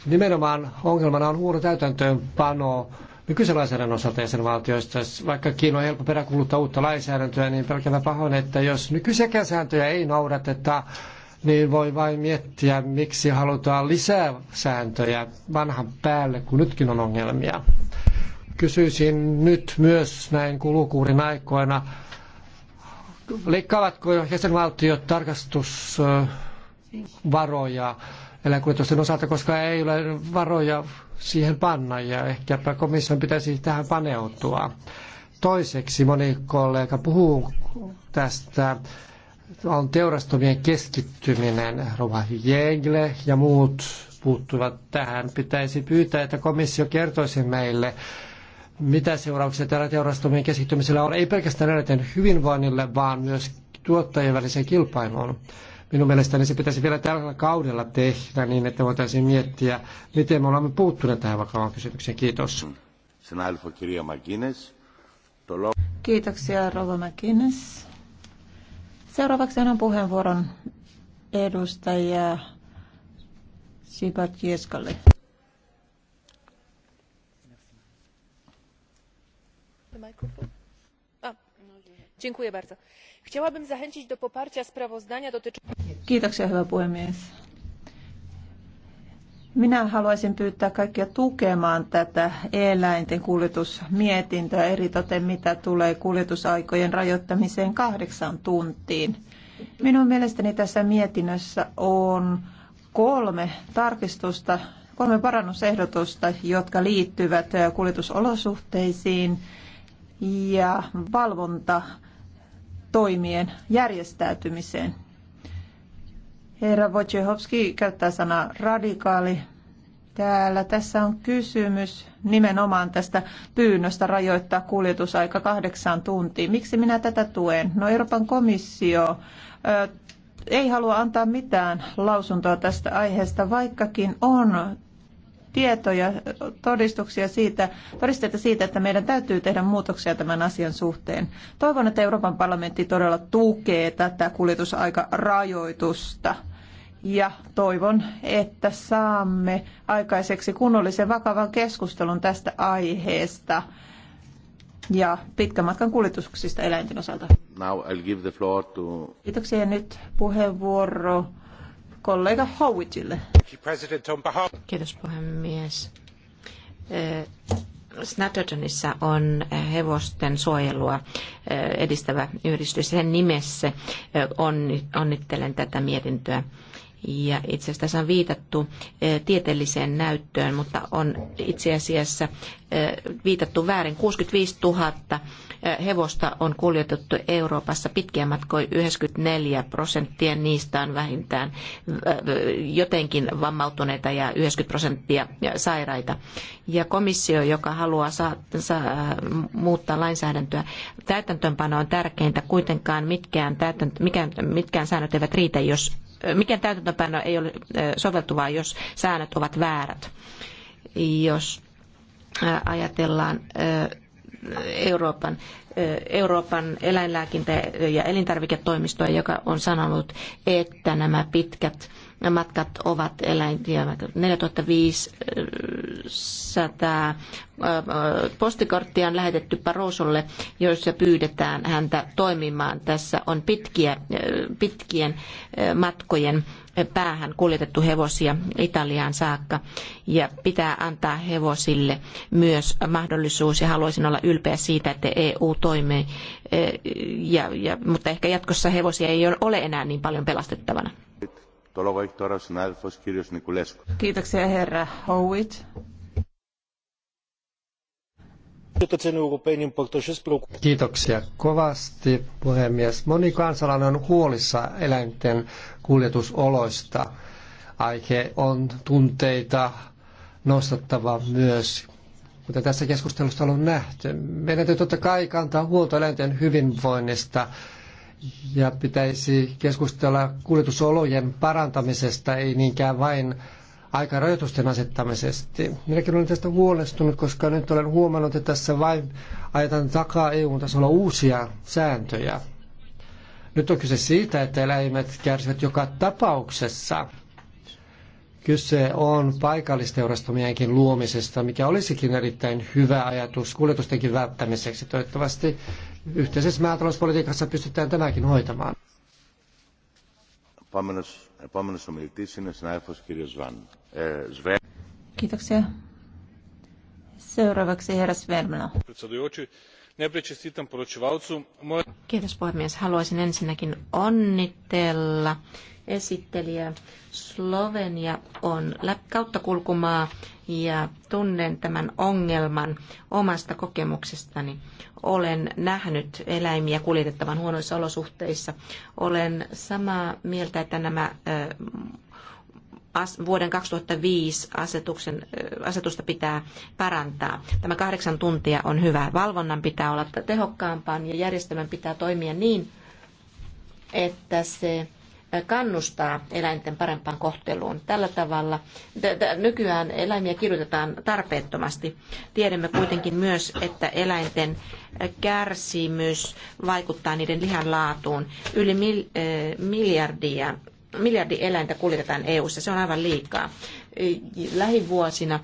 nimenomaan ongelmana on huono täytäntöönpano nykyisen lainsäädännön osalta jäsenvaltioista. Vaikka Kiina on helppo peräkuluttaa uutta lainsäädäntöä, niin pelkäävä pahoin, että jos nykyisiäkään sääntöjä ei noudateta, niin voi vain miettiä, miksi halutaan lisää sääntöjä vanhan päälle, kun nytkin on ongelmia. Kysyisin nyt myös näin kulukuurin aikoina, leikkaavatko jäsenvaltiot tarkastusvaroja eläkuljetusten osalta, koska ei ole varoja siihen panna ja ehkäpä komission pitäisi tähän paneutua. Toiseksi moni kollega puhuu tästä on teurastumien keskittyminen. Rova Jegle ja muut puuttuvat tähän. Pitäisi pyytää, että komissio kertoisi meille, mitä seurauksia tällä teurastumien keskittymisellä on, ei pelkästään eläinten hyvinvoinnille, vaan myös tuottajien väliseen kilpailuun. Minun mielestäni se pitäisi vielä tällä kaudella tehdä niin, että voitaisiin miettiä, miten me olemme puuttuneet tähän vakavaan kysymykseen. Kiitos. Kiitoksia, Rova McGuinness. Seuraavaksi annan puheenvuoron edustaja Sipat Jeskalle. Kiitoksia, hyvä puhemies. Minä haluaisin pyytää kaikkia tukemaan tätä eläinten kuljetusmietintöä, eritoten mitä tulee kuljetusaikojen rajoittamiseen kahdeksaan tuntiin. Minun mielestäni tässä mietinnössä on kolme tarkistusta, kolme parannusehdotusta, jotka liittyvät kuljetusolosuhteisiin ja valvontatoimien järjestäytymiseen. Herra Wojciechowski käyttää sanaa radikaali. Täällä tässä on kysymys nimenomaan tästä pyynnöstä rajoittaa kuljetusaika kahdeksaan tuntiin. Miksi minä tätä tuen? No Euroopan komissio ö, ei halua antaa mitään lausuntoa tästä aiheesta, vaikkakin on tietoja, todistuksia siitä, todisteita siitä, että meidän täytyy tehdä muutoksia tämän asian suhteen. Toivon, että Euroopan parlamentti todella tukee tätä kuljetusaikarajoitusta. rajoitusta ja toivon, että saamme aikaiseksi kunnollisen vakavan keskustelun tästä aiheesta ja pitkän matkan kuljetuksista eläinten osalta. Now I'll give the floor to... Kiitoksia ja nyt puheenvuoro kollega Howittille. Kiitos puhemies. Snattertonissa on hevosten suojelua edistävä yhdistys. Sen nimessä on, onnittelen tätä mietintöä ja itse asiassa tässä on viitattu eh, tieteelliseen näyttöön, mutta on itse asiassa eh, viitattu väärin. 65 000 eh, hevosta on kuljetettu Euroopassa pitkiä matkoja. 94 prosenttia niistä on vähintään jotenkin vammautuneita ja 90 prosenttia sairaita. Ja komissio, joka haluaa saa, saa, muuttaa lainsäädäntöä, täytäntöönpano on tärkeintä. Kuitenkaan mitkään, täytäntö, mikään, mitkään säännöt eivät riitä, jos mikään täytäntöpano ei ole soveltuvaa, jos säännöt ovat väärät. Jos ajatellaan Euroopan, Euroopan eläinlääkintä- ja elintarviketoimistoa, joka on sanonut, että nämä pitkät matkat ovat eläinviemät. 4500 postikorttia on lähetetty Parosolle, joissa pyydetään häntä toimimaan. Tässä on pitkiä, pitkien matkojen päähän kuljetettu hevosia Italiaan saakka ja pitää antaa hevosille myös mahdollisuus ja haluaisin olla ylpeä siitä, että EU toimii, ja, ja, mutta ehkä jatkossa hevosia ei ole enää niin paljon pelastettavana. Kiitoksia herra Howitt. Kiitoksia kovasti, puhemies. Moni kansalainen on huolissa eläinten kuljetusoloista. Aihe on tunteita nostattava myös, kuten tässä keskustelussa on nähty. Meidän täytyy totta kai kantaa huolta eläinten hyvinvoinnista ja pitäisi keskustella kuljetusolojen parantamisesta, ei niinkään vain aikarajoitusten asettamisesta. Minäkin olen tästä huolestunut, koska nyt olen huomannut, että tässä vain ajetaan takaa EU-tasolla uusia sääntöjä. Nyt on kyse siitä, että eläimet kärsivät joka tapauksessa – Kyse on paikallisteurastamojenkin luomisesta, mikä olisikin erittäin hyvä ajatus kuljetustenkin välttämiseksi. Toivottavasti yhteisessä maatalouspolitiikassa pystytään tämäkin hoitamaan. Kiitoksia. Seuraavaksi herra Svermano. Najprej čestitam poročevalcu. Kiitos puhemies. Haluaisin ensinnäkin onnitella esittelijä. Slovenia on kauttakulkumaa ja tunnen tämän ongelman omasta kokemuksestani. Olen nähnyt eläimiä kuljetettavan huonoissa olosuhteissa. Olen samaa mieltä, että nämä vuoden 2005 asetuksen, asetusta pitää parantaa. Tämä kahdeksan tuntia on hyvä. Valvonnan pitää olla tehokkaampaa ja järjestelmän pitää toimia niin, että se kannustaa eläinten parempaan kohteluun. Tällä tavalla nykyään eläimiä kirjoitetaan tarpeettomasti. Tiedämme kuitenkin myös, että eläinten kärsimys vaikuttaa niiden lihan laatuun. Yli miljardia miljardi eläintä kuljetetaan EU:ssa, se on aivan liikaa. Lähivuosina,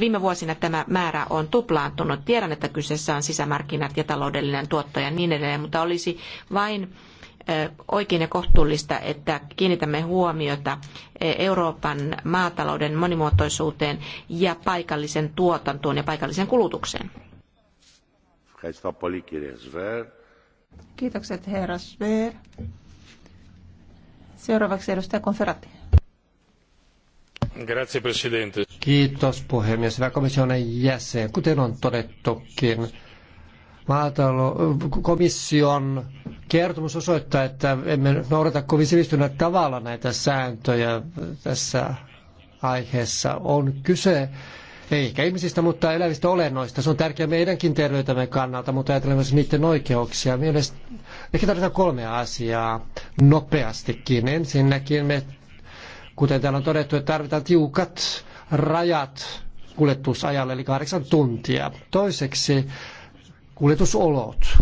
viime vuosina tämä määrä on tuplaantunut. Tiedän, että kyseessä on sisämarkkinat ja taloudellinen tuotto ja niin edelleen, mutta olisi vain oikein ja kohtuullista, että kiinnitämme huomiota Euroopan maatalouden monimuotoisuuteen ja paikallisen tuotantoon ja paikalliseen kulutukseen. Kiitokset herra Sver. Seuraavaksi edustaja Konferatti. Grazie, presidente. Kiitos puhemies. Hyvä komission jäsen. Kuten on todettukin, maatalo, komission kertomus osoittaa, että emme noudata kovin sivistyneellä tavalla näitä sääntöjä tässä aiheessa. On kyse ehkä ihmisistä, mutta elävistä olennoista. Se on tärkeää meidänkin terveytemme kannalta, mutta ajatellen myös niiden oikeuksia. Mielestäni ehkä tarvitaan kolme asiaa nopeastikin. Ensinnäkin me, kuten täällä on todettu, että tarvitaan tiukat rajat kuljetusajalle, eli kahdeksan tuntia. Toiseksi kuljetusolot.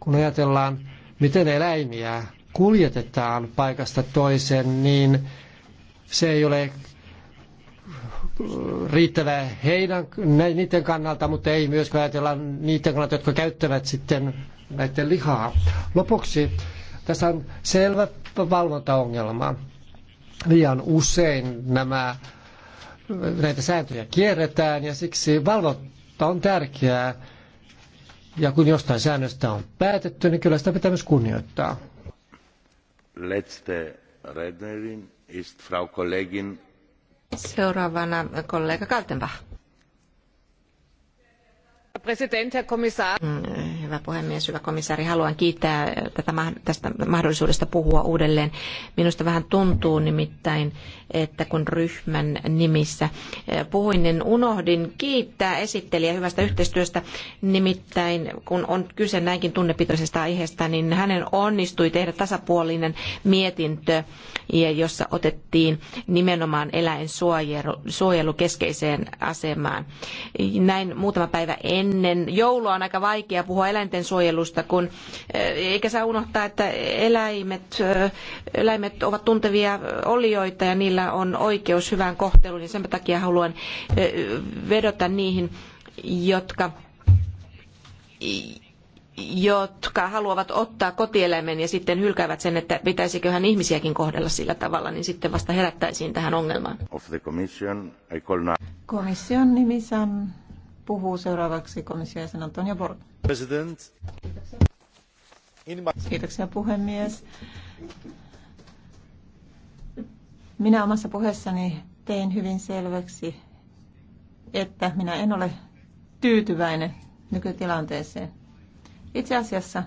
Kun ajatellaan, miten eläimiä kuljetetaan paikasta toiseen, niin se ei ole riittävää heidän, niiden kannalta, mutta ei myöskään ajatella niiden kannalta, jotka käyttävät sitten näiden lihaa. Lopuksi tässä on selvä valvontaongelma. Liian usein nämä, näitä sääntöjä kierretään ja siksi valvonta on tärkeää. Ja kun jostain säännöstä on päätetty, niin kyllä sitä pitää myös kunnioittaa. Letzte Rednerin ist Frau Kollegin Seuraavana kollega Kaltenbach. Herr Präsident, Herr Kommissar. Mm, Hyvä puhemies, hyvä komissaari. Haluan kiittää äh, tätä, tästä mahdollisuudesta puhua uudelleen. Minusta vähän tuntuu nimittäin, että kun ryhmän nimissä äh, puhuin, niin unohdin kiittää esittelijä hyvästä yhteistyöstä. Nimittäin kun on kyse näinkin tunnepitoisesta aiheesta, niin hänen onnistui tehdä tasapuolinen mietintö, jossa otettiin nimenomaan eläinsuojelu keskeiseen asemaan. Näin muutama päivä ennen joulua on aika vaikea puhua eläinten suojelusta, kun eh, eikä saa unohtaa, että eläimet, eh, eläimet ovat tuntevia olioita ja niillä on oikeus hyvään kohteluun, ja sen takia haluan eh, vedota niihin, jotka jotka haluavat ottaa kotieläimen ja sitten hylkäävät sen, että pitäisiköhän ihmisiäkin kohdella sillä tavalla, niin sitten vasta herättäisiin tähän ongelmaan. Of the commission, I call now. Komission puhuu seuraavaksi komission jäsen Antonio Borg. President. Kiitoksia. Kiitoksia puhemies. Minä omassa puheessani tein hyvin selväksi, että minä en ole tyytyväinen nykytilanteeseen. Itse asiassa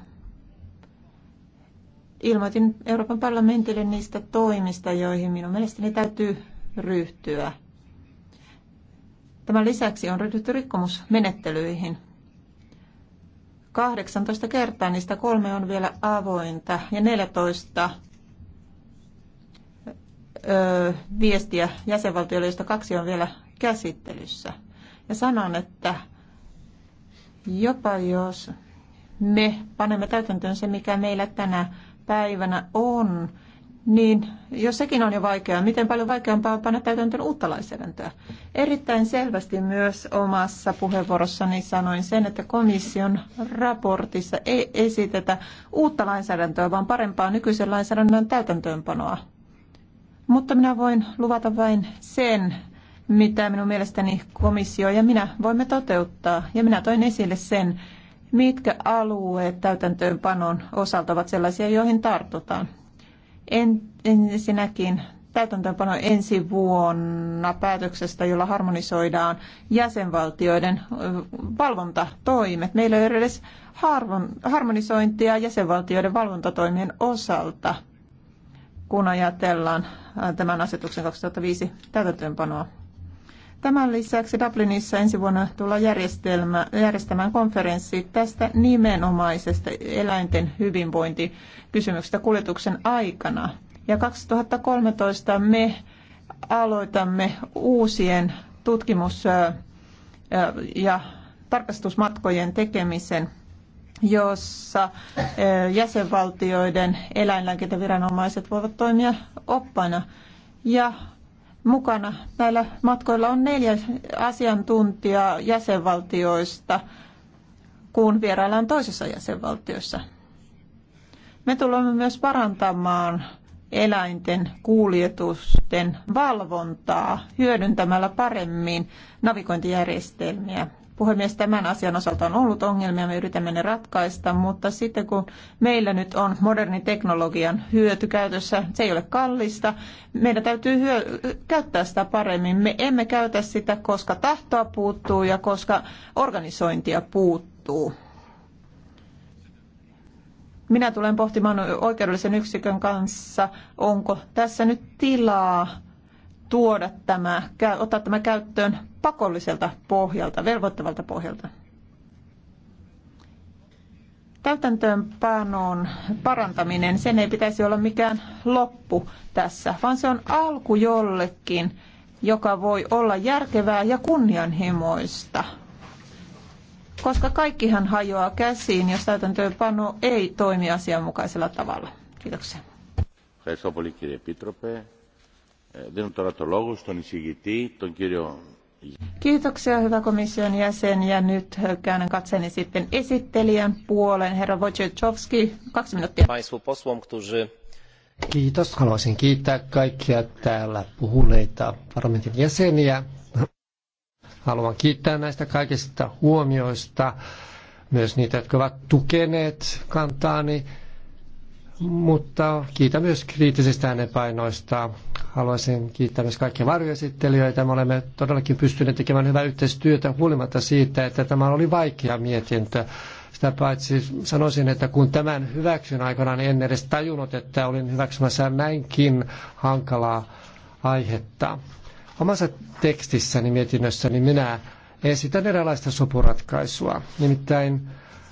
ilmoitin Euroopan parlamentille niistä toimista, joihin minun mielestäni täytyy ryhtyä – Tämän lisäksi on ryhdytty rikkomusmenettelyihin. 18 kertaa niistä kolme on vielä avointa ja 14 ö, viestiä jäsenvaltioille, joista kaksi on vielä käsittelyssä. Ja sanon, että jopa jos me panemme täytäntöön se, mikä meillä tänä päivänä on, niin jos sekin on jo vaikeaa, miten paljon vaikeampaa on panna täytäntöön uutta lainsäädäntöä? Erittäin selvästi myös omassa puheenvuorossani sanoin sen, että komission raportissa ei esitetä uutta lainsäädäntöä, vaan parempaa nykyisen lainsäädännön täytäntöönpanoa. Mutta minä voin luvata vain sen, mitä minun mielestäni komissio ja minä voimme toteuttaa. Ja minä toin esille sen, mitkä alueet täytäntöönpanon osalta ovat sellaisia, joihin tartutaan. En, ensinnäkin täytäntöönpano ensi vuonna päätöksestä, jolla harmonisoidaan jäsenvaltioiden valvontatoimet. Meillä ei ole edes harmonisointia jäsenvaltioiden valvontatoimien osalta, kun ajatellaan tämän asetuksen 2005 täytäntöönpanoa. Tämän lisäksi Dublinissa ensi vuonna tullaan järjestämään konferenssi tästä nimenomaisesta eläinten hyvinvointikysymyksestä kuljetuksen aikana. Ja 2013 me aloitamme uusien tutkimus- ja tarkastusmatkojen tekemisen jossa jäsenvaltioiden eläinlääkintäviranomaiset voivat toimia oppana. Ja mukana. Näillä matkoilla on neljä asiantuntijaa jäsenvaltioista, kun vieraillaan toisessa jäsenvaltiossa. Me tulemme myös parantamaan eläinten kuljetusten valvontaa hyödyntämällä paremmin navigointijärjestelmiä puhemies, tämän asian osalta on ollut ongelmia, me yritämme ne ratkaista, mutta sitten kun meillä nyt on modernin teknologian hyöty käytössä, se ei ole kallista, meidän täytyy hyö- käyttää sitä paremmin. Me emme käytä sitä, koska tahtoa puuttuu ja koska organisointia puuttuu. Minä tulen pohtimaan oikeudellisen yksikön kanssa, onko tässä nyt tilaa tuoda tämä, ottaa tämä käyttöön pakolliselta pohjalta, velvoittavalta pohjalta. Täytäntöönpanon parantaminen, sen ei pitäisi olla mikään loppu tässä, vaan se on alku jollekin, joka voi olla järkevää ja kunnianhimoista. Koska kaikkihan hajoaa käsiin, jos täytäntöönpano ei toimi asianmukaisella tavalla. Kiitoksia. Ευχαριστώ Kiitoksia hyvä komission jäsen ja nyt käännän katseeni sitten esittelijän puolen. Herra Wojciechowski, kaksi minuuttia. Kiitos. Haluaisin kiittää kaikkia täällä puhuneita parlamentin jäseniä. Haluan kiittää näistä kaikista huomioista, myös niitä, jotka ovat tukeneet kantaani mutta kiitän myös kriittisistä äänenpainoista. Haluaisin kiittää myös kaikkia varjoesittelijöitä. Me olemme todellakin pystyneet tekemään hyvää yhteistyötä huolimatta siitä, että tämä oli vaikea mietintö. Sitä paitsi sanoisin, että kun tämän hyväksyn aikana, niin en edes tajunnut, että olin hyväksymässä näinkin hankalaa aihetta. Omassa tekstissäni, mietinnössäni minä esitän erilaista sopuratkaisua. Nimittäin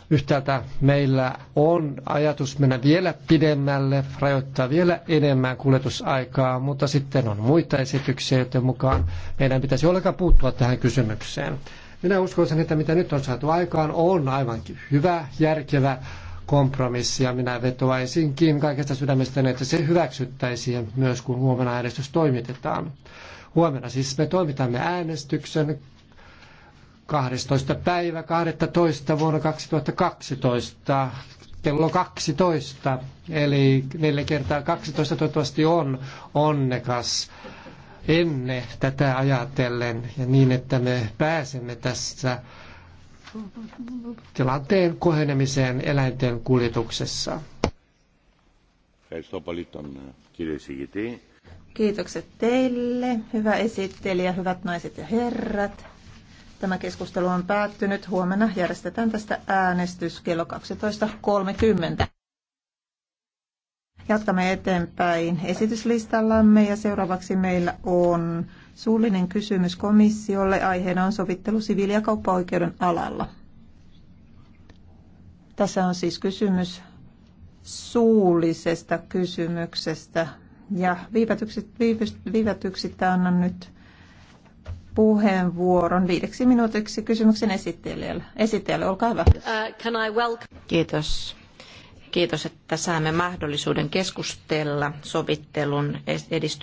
Yhtäältä meillä on ajatus mennä vielä pidemmälle, rajoittaa vielä enemmän kuljetusaikaa, mutta sitten on muita esityksiä, joiden mukaan meidän pitäisi ollenkaan puuttua tähän kysymykseen. Minä uskoisin, että mitä nyt on saatu aikaan, on aivan hyvä, järkevä kompromissi ja minä vetoaisinkin kaikesta sydämestä, että se hyväksyttäisiin myös kun huomenna äänestys toimitetaan. Huomenna siis me toimitamme äänestyksen 12. päivä 12. vuonna 2012 kello 12, eli neljä kertaa 12 toivottavasti on onnekas ennen tätä ajatellen ja niin, että me pääsemme tässä tilanteen kohenemiseen eläinten kuljetuksessa. Kiitokset teille, hyvä esittelijä, hyvät naiset ja herrat. Tämä keskustelu on päättynyt. Huomenna järjestetään tästä äänestys kello 12.30. Jatkamme eteenpäin esityslistallamme ja seuraavaksi meillä on suullinen kysymys komissiolle. Aiheena on sovittelu siviili- ja kauppaoikeuden alalla. Tässä on siis kysymys suullisesta kysymyksestä ja viivätyksittä annan nyt puheenvuoron viideksi minuutiksi kysymyksen esittelijälle. Esittelijälle, olkaa hyvä. Uh, Kiitos. Kiitos, että saamme mahdollisuuden keskustella sovittelun edistymisestä.